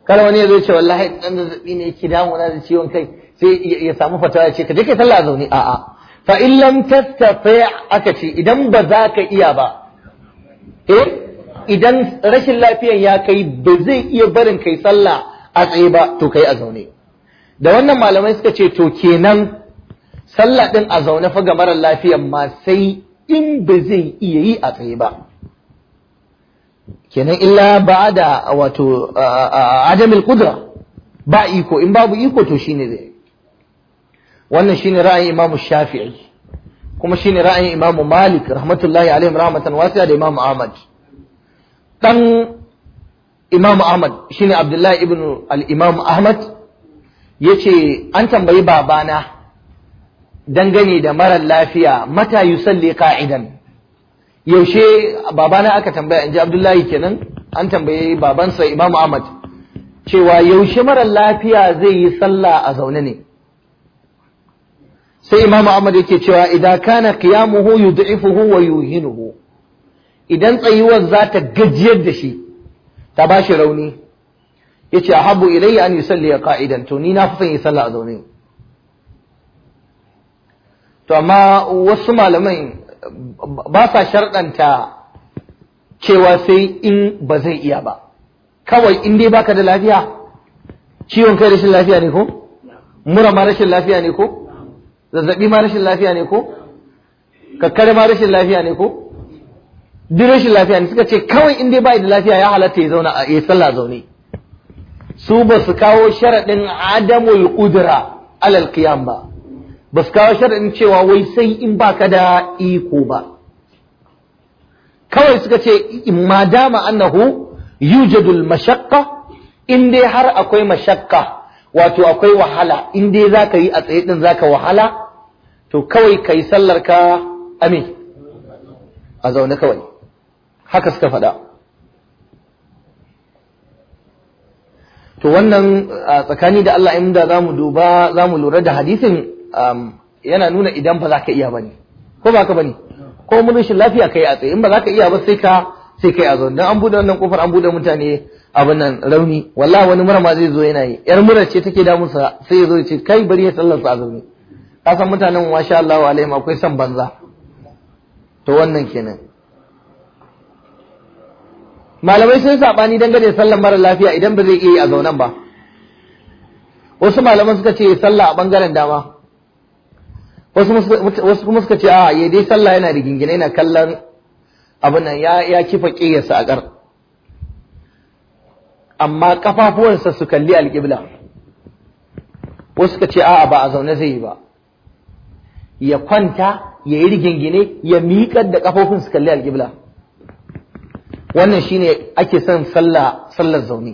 kada wani ya zo ce wallahi dan zazzabi ne yake damu na da ciwon kai sai ya samu fatawa ya ce ka je kai sallah a zaune a'a fa illam aka ce idan ba za ka iya ba eh idan rashin lafiyan ya kai ba zai iya barin kai sallah a tsaye ba to kai a zaune da wannan malamai suka ce to kenan sallah din a zaune fa ga marar lafiyan ma sai in ba zai iya yi a tsaye ba kenan illa ba da wato adamil Kudra ba iko in babu iko to shine zai wannan shine ra'ayin imamu shafi'i kuma shine ra'ayin imamu malik rahmatullahi alaihi rahmatan wasi'a da imamu ahmad dan Imam Ahmad shine Abdullahi ibn al-Imam Ahmad yace an tambayi babana dangane da marar lafiya mata yusalli qa'idan yaushe babana aka tambaya inji Abdullahi kenan an tambayi babansa Imam Ahmad cewa yaushe marar lafiya zai yi sallah a zaune ne sai Imam Ahmad yake cewa idan kana qiyamuhu yud'ifuhu wa yuhinuhu idan tsayuwar za ta gajiyar da shi ta ba shi rauni ya ce a habu ilayya an yi salli ya ka'idan to ni na fi son yi sallah a zaune to amma wasu malamai ba sa sharɗanta cewa sai in ba zai iya ba kawai in dai baka da lafiya ciwon kai rashin lafiya ne ko mura ma rashin lafiya ne ko zazzabi ma rashin lafiya ne ko kakkare ma rashin lafiya ne ko duk rashin lafiya ne suka ce kawai in dai bai da lafiya ya halatta ya zauna a yi sallah zaune su ba su kawo sharaɗin adamul qudra alal qiyam ba ba su kawo sharaɗin cewa wai sai in baka da iko ba kawai suka ce ma dama annahu yujadul mashaqqa in dai har akwai mashaqqa wato akwai wahala in dai zaka yi a tsaye din zaka wahala to kawai kai sallar ka amin a zaune kawai haka suka faɗa to wannan tsakani da Allah in da zamu duba zamu lura da hadisin yana nuna idan ba za ka iya bane ko ba ka bane ko mun rashin lafiya kai a tsaye in ba za ka iya ba sai ka sai kai a zo dan an bude wannan kofar an bude mutane abin nan rauni wallahi wani mura ma zai zo yana yi yar mura ce take damun musa sai ya zo ya ce kai bari ya sallar sa a zaune mutanen masha Allah alaihim akwai san banza to wannan kenan malamai sun sabani dangane da sallar mara lafiya idan ba zai iya yi a zaunan ba wasu malaman suka ce sallah a bangaren dama wasu kuma suka ce a ya dai sallah yana da rigingine yana kallon abin nan ya kifa kiyarsa a ƙar amma kafafuwansa su kalli alƙibla wasu suka ce a'a ba a zaune zai yi ba ya kwanta ya yi rigingine ya miƙar da kafofin su kalli alƙibla wannan shine ake son sallah sallar zaune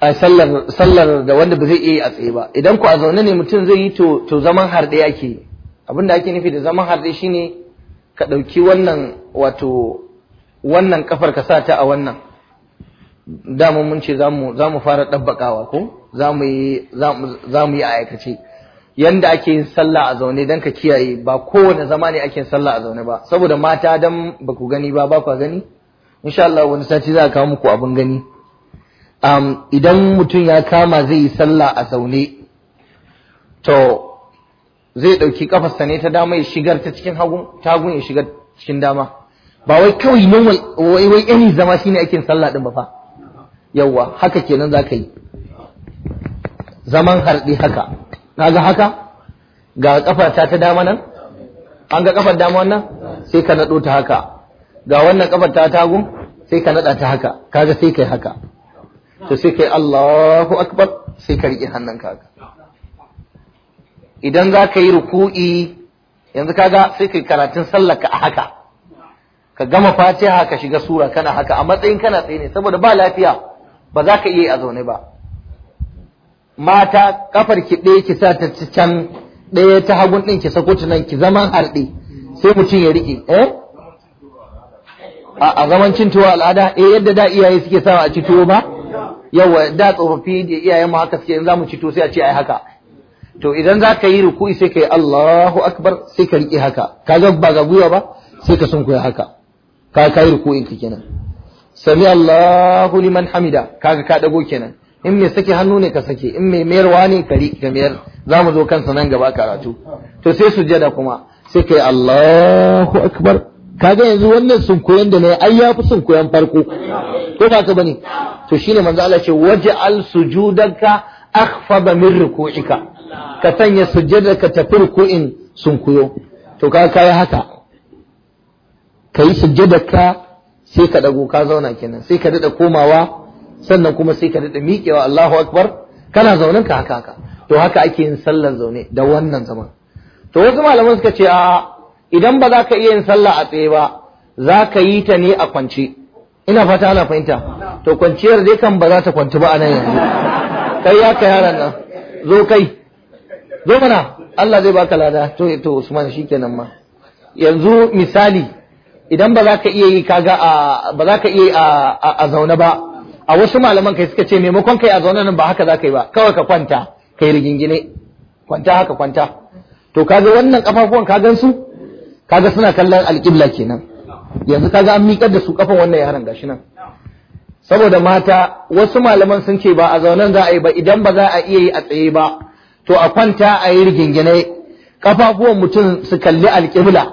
a sallar sallar da wanda ba zai iya a tsaye ba idan ku a zaune ne mutum zai yi to to zaman harɗe ake yi abinda ake nufi da zaman harɗe shine ka ɗauki wannan wato wannan kafar ka sa ta a wannan dama mun ce za mu fara ɗabbaƙawa ko za mu yi a aikace yanda ake yin sallah a zaune dan ka kiyaye ba kowane zama ne ake yin sallah a zaune ba saboda mata dan ba ku gani ba ba ku gani insha Allah wani sati za a kawo muku abin gani um, idan mutum ya kama zai yi sallah a zaune to zai ɗauki kafarsa ne ta dama ya shigar ta cikin hagun tagun ya shigar cikin dama ba wai kawai normal wai wai yani zama shine ake yin sallah din ba fa yawwa haka kenan zaka yi zaman harbi haka kaga haka ga kafar ta ta dama nan an ga kafar dama wannan sai ka nado ta haka ga wannan kafar ta tagu sai ka nada ta haka kaga sai kai haka to sai kai Allahu akbar sai ka rike ka haka idan za ka yi ruku'i yanzu kaga sai kai karatun sallarka a haka ka gama fatiha ka shiga sura kana haka a matsayin kana tsaye ne saboda ba lafiya ba za ka iya yi a zaune ba mata kafar ki ɗaya ki sa ta can ɗaya ta hagun ɗin ki sako ta nan ki zaman harɗe sai mutum ya riƙe eh a zaman cin tuwo al'ada eh yadda da iyaye suke sa a ci tuwo ba yawa da tsofaffi da iyayen mu haka suke in za mu ci tuwo sai a ce ai haka to idan za ka yi ruku'i sai ka yi Allahu akbar sai ka riƙe haka ka ga ba ga gwiwa ba sai ka sunkuya haka ka kai ruku'in ki kenan sami Allahu liman hamida kaga ka dago kenan in mai sake hannu ne ka sake in mai mayarwa ne ka riƙe mayar za mu zo kansa nan gaba karatu to sai sujada kuma sai kai Allahu akbar kaga yanzu wannan sunkuyan da ne ai yafi sunkuyan farko ko ba ka bane to shine manzo Allah ce waj'al sujudaka akhfada min ruku'ika ka sanya sujjadarka ta furku'in ruku'in sunkuyo to ka kai haka kai ka, sai ka dago ka zauna kenan sai ka dada komawa sannan kuma sai ka daɗa miƙewa Allahu akbar kana zaunen ka haka haka to haka ake yin sallar zaune da wannan zaman to wasu malaman suka ce a idan ba za ka iya yin sallah a tsaye ba za ka yi ta ne a kwance ina fata ana fahimta to kwanciyar dai kan ba za ta kwanci ba a nan yanzu kai ya ka yaran nan zo kai zo mana Allah zai baka lada to to Usman shikenan ma yanzu misali idan ba za ka iya yi kaga a ba za ka iya a zaune ba a wasu malaman kai suka ce maimakon kai a zaune nan ba haka za ka yi ba kawai ka kwanta ka yi rigingine kwanta haka kwanta to kaga wannan kafafuwan ka gan su kaga suna kallon alƙibla kenan yanzu kaga an miƙar da su kafan wannan yaron gashi nan saboda mata wasu malaman sun ce ba a zaune za a yi ba idan ba za a iya yi a tsaye ba to a kwanta a yi rigingine kafafuwan mutum su kalli alƙibla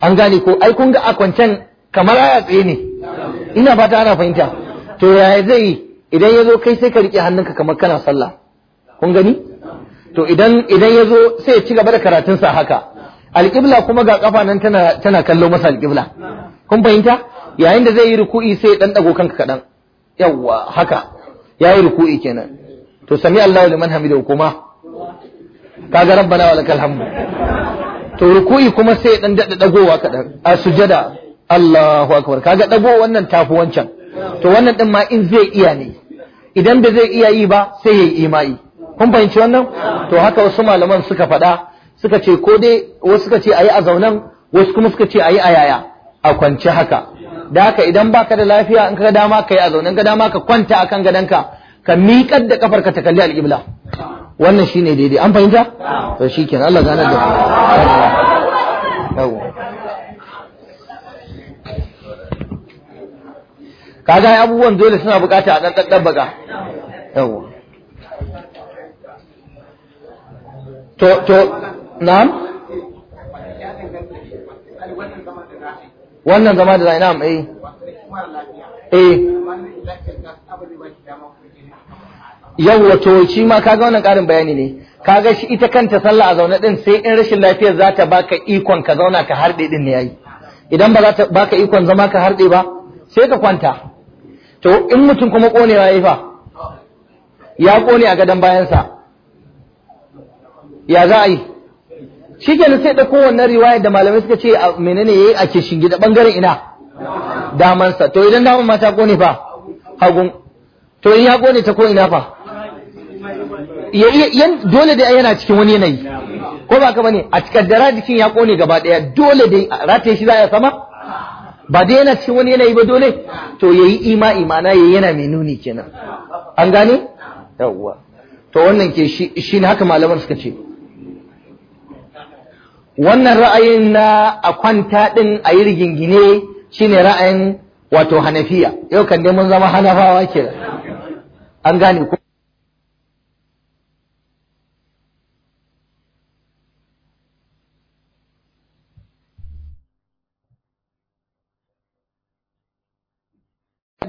an gane ko ai kun ga a kwancen kamar a tsaye ne ina fata ana fahimta to ya zai idan ya zo kai sai ka riƙe hannunka kamar kana sallah kun gani to idan idan ya zo sai ya ci gaba da karatunsa haka alƙibla kuma ga kafa nan tana tana kallo masa alƙibla kun fahimta yayin da zai yi ruku'i sai ya dan dago kanka kaɗan yawwa haka yayi ruku'i kenan to sami Allahu liman Hamidu kuma kaga rabbana walakal hamdu to ruku'i kuma sai ya dan daɗa ɗagowa kaɗan a sujada Allahu akbar kaga dago wannan tafi wancan to wannan din ma in zai iya ne idan ba zai iya yi ba sai ya yi imai kun fahimci wannan to haka wasu malaman suka faɗa suka ce ko dai wasu suka ce ayi a zaunan wasu kuma suka ce ayi a yaya a kwance haka da haka idan baka da lafiya in ka dama ka yi a zaunan ka dama ka kwanta akan gadonka ka miƙar da kafar ka ta kalli alƙibla wannan shine daidai an fahimta to shikenan Allah gane da yawa kaga abubuwan dole suna bukata a dan daddabbaka yawa to to na'am wannan zama da na'am eh eh yawa to shi ma kaga wannan karin bayani ne kaga shi ita kanta sallah a zaune din sai in rashin lafiyar za ta baka ikon ka zauna ka harɗe din ne yayi idan ba za ta baka ikon zama ka harɗe ba sai ka kwanta to in mutum kuma konewa yi fa ya kone a gadon bayansa ya za a yi shi ke sai da kowanne riwaya da malamai suka ce a menene ya a kishin gida bangaren ina damansa to idan daman ma ta kone fa hagun to in ya kone ta ko ina fa dole dai yana cikin wani yanayi ko ba ka bane a kaddara jikin ya kone gaba daya dole dai rataye shi za a sama ba dai yana cikin wani yanayi ba dole to yayi ima imana yayi yana mai nuni kenan an gane yawwa to wannan ke shi ne haka malaman suka ce wannan ra'ayin na a kwanta din a yi rigingine shine ra'ayin wato hanafiya yau kan dai mun zama hanafawa kenan an gane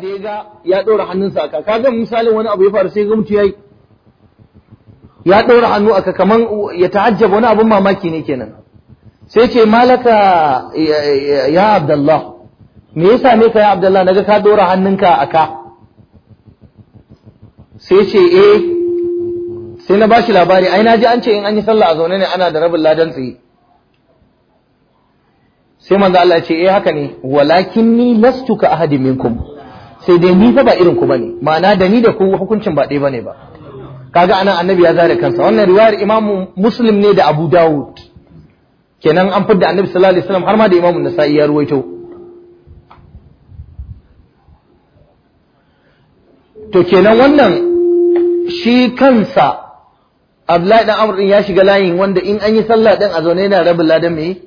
da ya ga ya ɗora hannunsa a ka kaga misalin wani abu ya faru sai ga mutu yayi ya ɗora hannu aka kaman ya ta'ajjab wani abun mamaki ne kenan sai ce malaka ya abdullah me ya same ka ya abdullah naga ka ɗora hannunka a ka, sai ce eh sai na bashi labari ai na ji an ce in an yi sallah a zaune ne ana da rabin ladan tsaye sai manzo Allah ya ce eh haka ne walakin ni lastu ka ahadin minkum sai dai ni fa ba irin ku bane ma'ana da ni da ku hukuncin ba dai bane ba kaga anan annabi ya zare kansa wannan riwayar imamu muslim ne da abu Da'ud. kenan an fidda annabi sallallahu alaihi wasallam har ma da imamu nasa'i ya ruwaito to kenan wannan shi kansa Abdullahi dan Amr ya shiga layin wanda in an yi sallah din a zaune yana rabin ladan me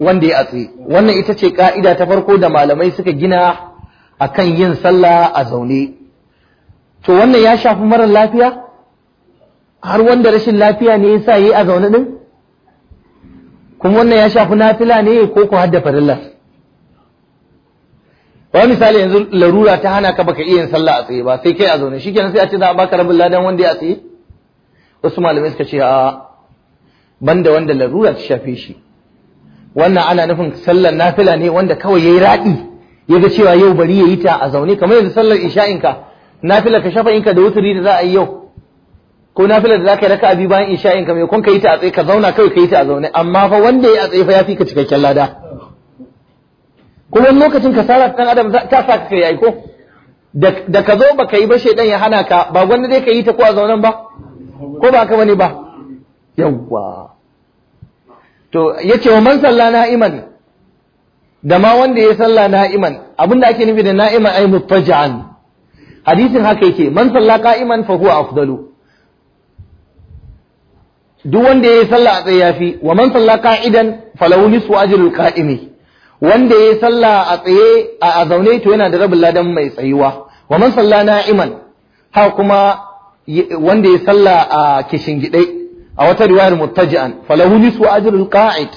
wanda ya atsi wannan ita ce ka'ida ta farko da malamai suka gina a kan yin sallah a zaune to wannan ya shafi mara lafiya har wanda rashin lafiya ne yasa yi a zaune din kuma wannan ya shafi nafila ne ko ku hadda farilla ba misali yanzu larura ta hana ka baka iya yin sallah a tsaye ba sai kai a zaune shikenan sai a ce za a baka rabin ladan wanda ya tsaye wasu malamai suka ce a banda wanda larura ta shafe shi wannan ana nufin sallar nafila ne wanda kawai yayi raɗi ya ga cewa yau bari yayi yi ta a zaune kamar yanzu sallar isha'in ka nafila ka shafa in ka da wuturi da za a yi yau ko nafila da za ka yi raka'a biyu bayan isha'in ka kun ka yi ta a tsaye ka zauna kawai ka yi ta a zaune amma fa wanda ya yi a tsaye fa ya fi ka cikakken lada kuma lokacin kasara dan adam ta sa ka yi ko da ka zo ka yi ba shedan ya hana ka ba wanda dai ka yi ta ko a zaunan ba ko ba ka bane ba yawwa to yace wa man salla na'iman da ma wanda ya salla na'iman abinda ake nufi da na'iman ai mutaja'an hadisin haka yake man salla qa'iman fa huwa afdalu duk wanda ya salla a tsaye yafi wa man salla qa'idan lahu nisfu ajrul qa'imi wanda ya salla a tsaye a zaune to yana da rabin ladan mai tsayuwa wa man salla na'iman ha kuma wanda ya salla a kishin gidai a wata riwayar muttaji'an falahu nisu ajrul qa'id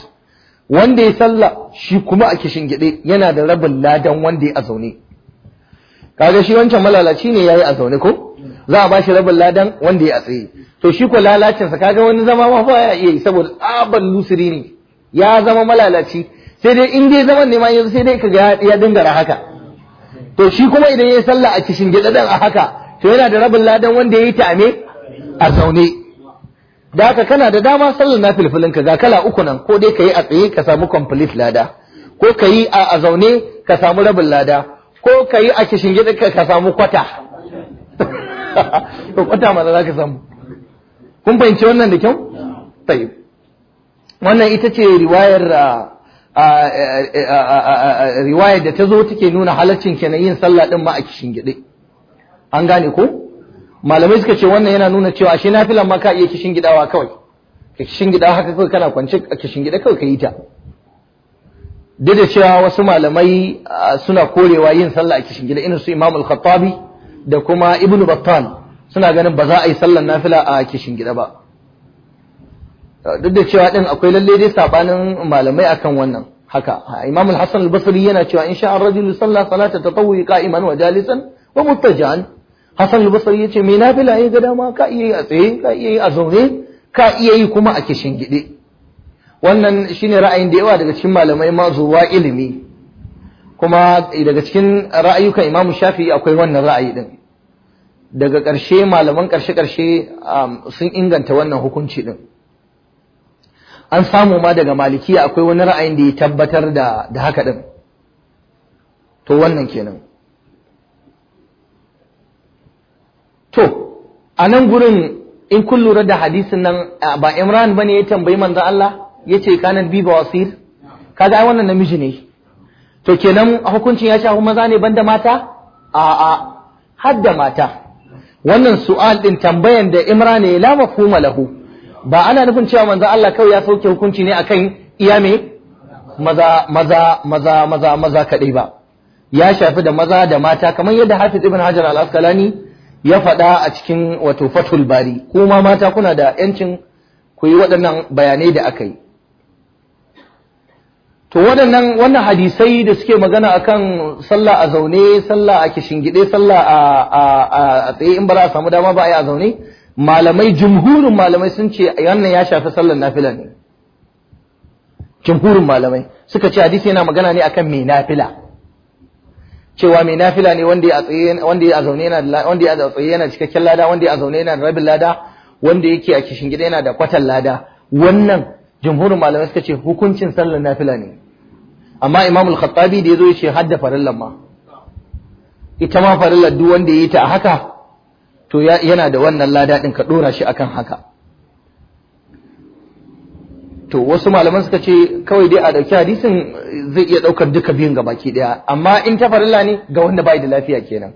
wanda ya salla shi kuma a kishin gide yana da rabin ladan wanda ya zaune kaga shi wancan malalaci ne yayi a zaune ko za a bashi rabin ladan wanda ya tsaye to shi ko lalacin sa kaga wani zama ma ba ya yi saboda tsaban lusiri ne ya zama malalaci sai dai in dai zaman ne ma yanzu sai dai kaga ya dingara haka to shi kuma idan ya salla a kishin gide dan a haka to yana da rabin ladan wanda yayi yi ta a zaune da haka kana da dama sallar nafilfilin ka ga kala uku nan ko dai kayi a tsaye ka samu complete lada ko kayi a zaune ka samu rabin lada ko kayi a gida ka samu kwata to kwata ma za ka samu kun fahimci wannan da kyau tayyib wannan ita ce riwayar riwayar da ta zo take nuna halaccin kenan yin sallah din ma a kishingide an gane ko malamai suka ce wannan yana nuna cewa ashe nafilan ma ka iya kishin gidawa kawai ka kishin gida haka kawai kana kwance a kishin gida kawai ka yi ta duk da cewa wasu malamai suna korewa yin sallah a kishin gida irin su Imam Al-Khattabi da kuma Ibn Battal suna ganin ba za a yi sallar nafila a kishin gida ba duk da cewa din akwai lalle dai sabanin malamai akan wannan haka Imam Al-Hasan Al-Basri yana cewa in Allah ar-rajulu salla salata tatawwi qa'iman wa jalisan wa muttajan Hassan al ya ce me nafila yi gada ma ka iya yi a tsaye ka iya yi a zaune ka iya yi kuma a kishin gide wannan shine ra'ayin da yawa daga cikin malamai ma zuwa ilimi kuma daga cikin ra'ayukan Imam Shafi akwai wannan ra'ayi din daga ƙarshe malaman ƙarshe-ƙarshe um, sun inganta wannan hukunci din an samu ma daga malikiya akwai wani ra'ayin da ya tabbatar da haka din to wannan kenan a nan gurin in kun lura da hadisin nan ba imran ba ne ya tambayi manzo Allah ya ce kanan bi wasir kaga ai wannan namiji ne to kenan hukuncin ya shafi maza ne banda mata a a hadda mata wannan su'al din tambayan da imran ne la mafhuma lahu ba ana nufin cewa manzo Allah kawai ya sauke hukunci ne akan iya me maza maza maza maza maza kadai ba ya shafi da maza da mata kamar yadda Hafiz ibn Hajar al-Asqalani ya faɗa a cikin wato fatul bari kuma mata kuna da yancin ku yi waɗannan bayanai da aka yi to waɗannan wannan hadisai da suke magana akan sallah a zaune sallah a kishingide sallah a a tsaye in ba za a samu dama ba a yi a zaune malamai jumhurin malamai sun ce wannan ya shafi sallar nafila ne jumhurin malamai suka ce hadisi yana magana ne akan mai nafila cewa mai nafila ne wanda ya tsaye zaune yana cikakken lada wanda ya zaune yana rabin lada wanda yake a kishin gida yana da kwatan lada wannan jumhurin malamai suka ce hukuncin sallar nafila ne amma imamul al-Khattabi da ya zo yace hadda farin ma ita ma farillar duk wanda ya yi ta a haka to yana da wannan lada ɗin ka ɗora shi akan haka to wasu malaman suka ce kawai dai a ɗauki hadisin zai iya ɗaukar duka biyun ga baki ɗaya amma in ta farilla ne ga wanda bai da lafiya kenan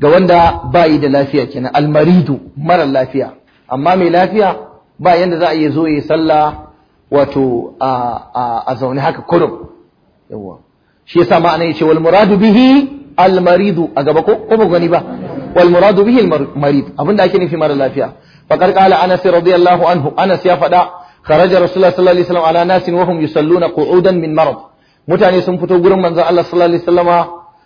ga wanda bai da lafiya kenan almaridu mara lafiya amma mai lafiya ba yanda za a iya zo ya sallah wato a zaune haka kurum yawa shi yasa ma'ana yace wal muradu bihi al a gaba ko ko ba gani ba wal muradu bihi al abin abinda ake nufi mara lafiya fa qala anas radiyallahu anhu anas ya fada kharaja rasulullah sallallahu alaihi wasallam ala nasin wa hum yusalluna qu'udan min marad mutane sun fito gurin manzon Allah sallallahu alaihi wasallama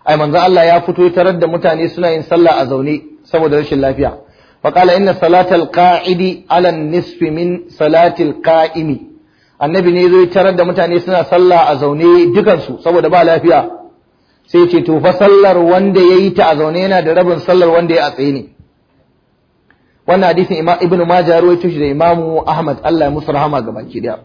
ai manzon Allah ya fito tarar da mutane suna yin sallah a zaune saboda rashin lafiya فقال إن صلاة القاعد على النصف من صلاة القائم annabi ne zai tarar da mutane suna sallah a zaune dukansu saboda ba lafiya sai ce to fa sallar wanda ya yi ta a zaune yana da rabin sallar wanda ya a tsaye ne wannan hadisin imam ibnu majah rawaito shi da imamu ahmad Allah ya musu rahama ga baki daya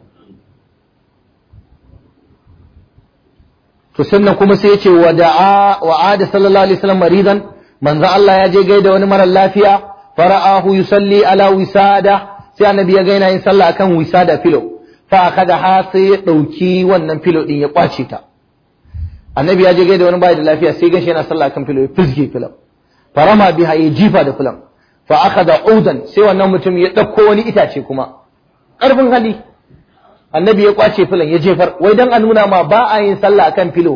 to sannan kuma sai ya ce wa da'a wa ada sallallahu alaihi wasallam maridan manzo Allah ya je da wani mara lafiya fara'ahu yusalli ala wisada sai annabi ya gaina yin sallah akan wisada filo fa kada ha sai ya dauki wannan filo din ya kwace ta annabi ya je da wani bai da lafiya sai ganshi yana sallah akan filo ya fizge filo farama biha ya jifa da filan fa aka da udan sai wannan mutum ya ɗauko wani itace kuma ƙarfin hali annabi ya kwace filan ya jefar wai dan a nuna ma ba a yin sallah akan filo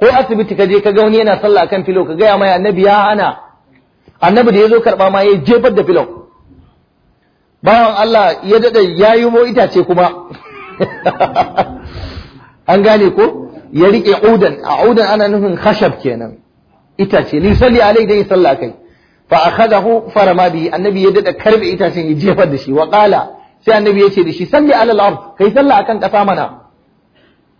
ko asibiti ka je ka ga wani yana sallah akan filo ka gaya mai annabi ya hana annabi da ya zo karɓa ma ya jefar da filo bawan Allah ya daɗe ya yi mo itace kuma an gane ko ya riƙe udan a udan ana nufin khashab kenan itace ni salli alai dai sallah kai fa akhadahu farama bihi annabi ya dada karbe itacen ya jefar da shi wa qala sai annabi ya ce da shi salli alal ard kai sallah akan kasa mana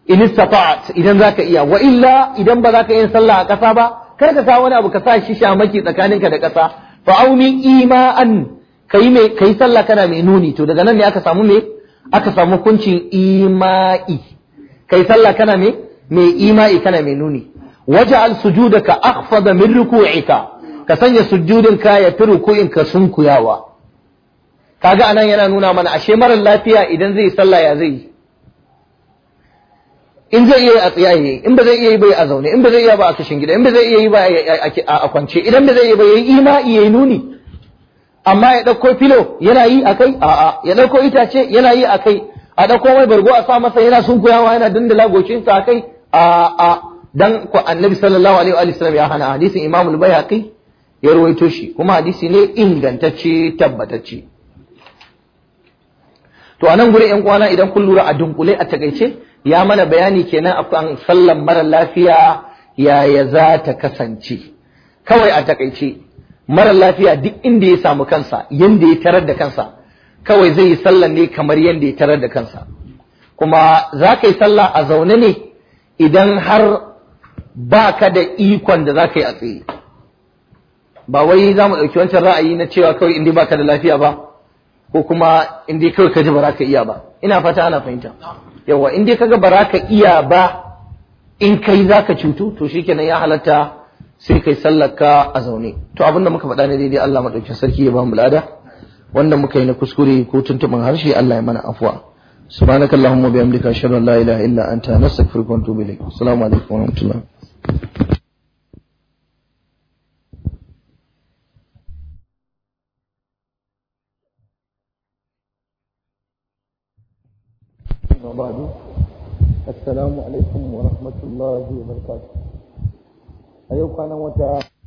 in istata'at idan zaka iya wa illa idan ba zaka yin sallah a kasa ba kar ka sa wani abu ka sa shi shamaki tsakaninka da kasa fa auni ima'an kai kai sallah kana mai nuni to daga nan ne aka samu me aka samu hukuncin ima'i kai sallah kana me mai ima'i kana mai nuni waja'al sujudaka akhfada min ruku'ika ka sanya sujudin ka ya fi ruku'in ka sunkuyawa kaga anan yana nuna mana ashe marar lafiya idan zai sallah ya zai in zai iya yi a tsiyaye in ba zai iya yi ba a zaune in ba zai iya ba a kishin gida in ba zai iya yi ba a kwance idan ba zai iya ba yayi ima'i yayi nuni amma ya ɗauko filo yana yi a kai a'a ya ɗauko itace yana yi a kai a ɗauko mai bargo a sa masa yana sunkuyawa yana dandala akai a kai a'a dan ku annabi sallallahu alaihi wa sallam ya hana hadisin imamul bayhaqi ya ruwaito shi kuma hadisi ne ingantacce tabbatacce to anan gure yan kwana idan kun lura a dunkule a takaice ya mana bayani kenan akan sallan mara lafiya yaya za ta kasance kawai a takaice mara lafiya duk inda ya samu kansa yanda ya tarar da kansa kawai zai yi sallan ne kamar yanda ya tarar da kansa kuma za ka yi sallah a zaune ne idan har ba ka da ikon da za ka yi a tsaye ba wai za mu ɗauki wancan ra'ayi na cewa kawai in ba ka da lafiya ba ko kuma in kawai ka ji ba ka iya ba ina fata ana fahimta yawa in ka ga ba za ka iya ba in kai za ka cutu to shi kenan ya halatta sai kai sallaka a zaune to abin muka faɗa ne daidai Allah madaukakin sarki ya ba mu lada wanda muka yi na kuskure ko tuntuɓin harshe Allah ya mana afuwa subhanakallahumma bihamdika ashhadu an la ilaha illa anta nastaghfiruka wa atubu ilaik assalamu alaikum wa rahmatullah وبعد السلام عليكم ورحمة الله وبركاته أيوة كان وتا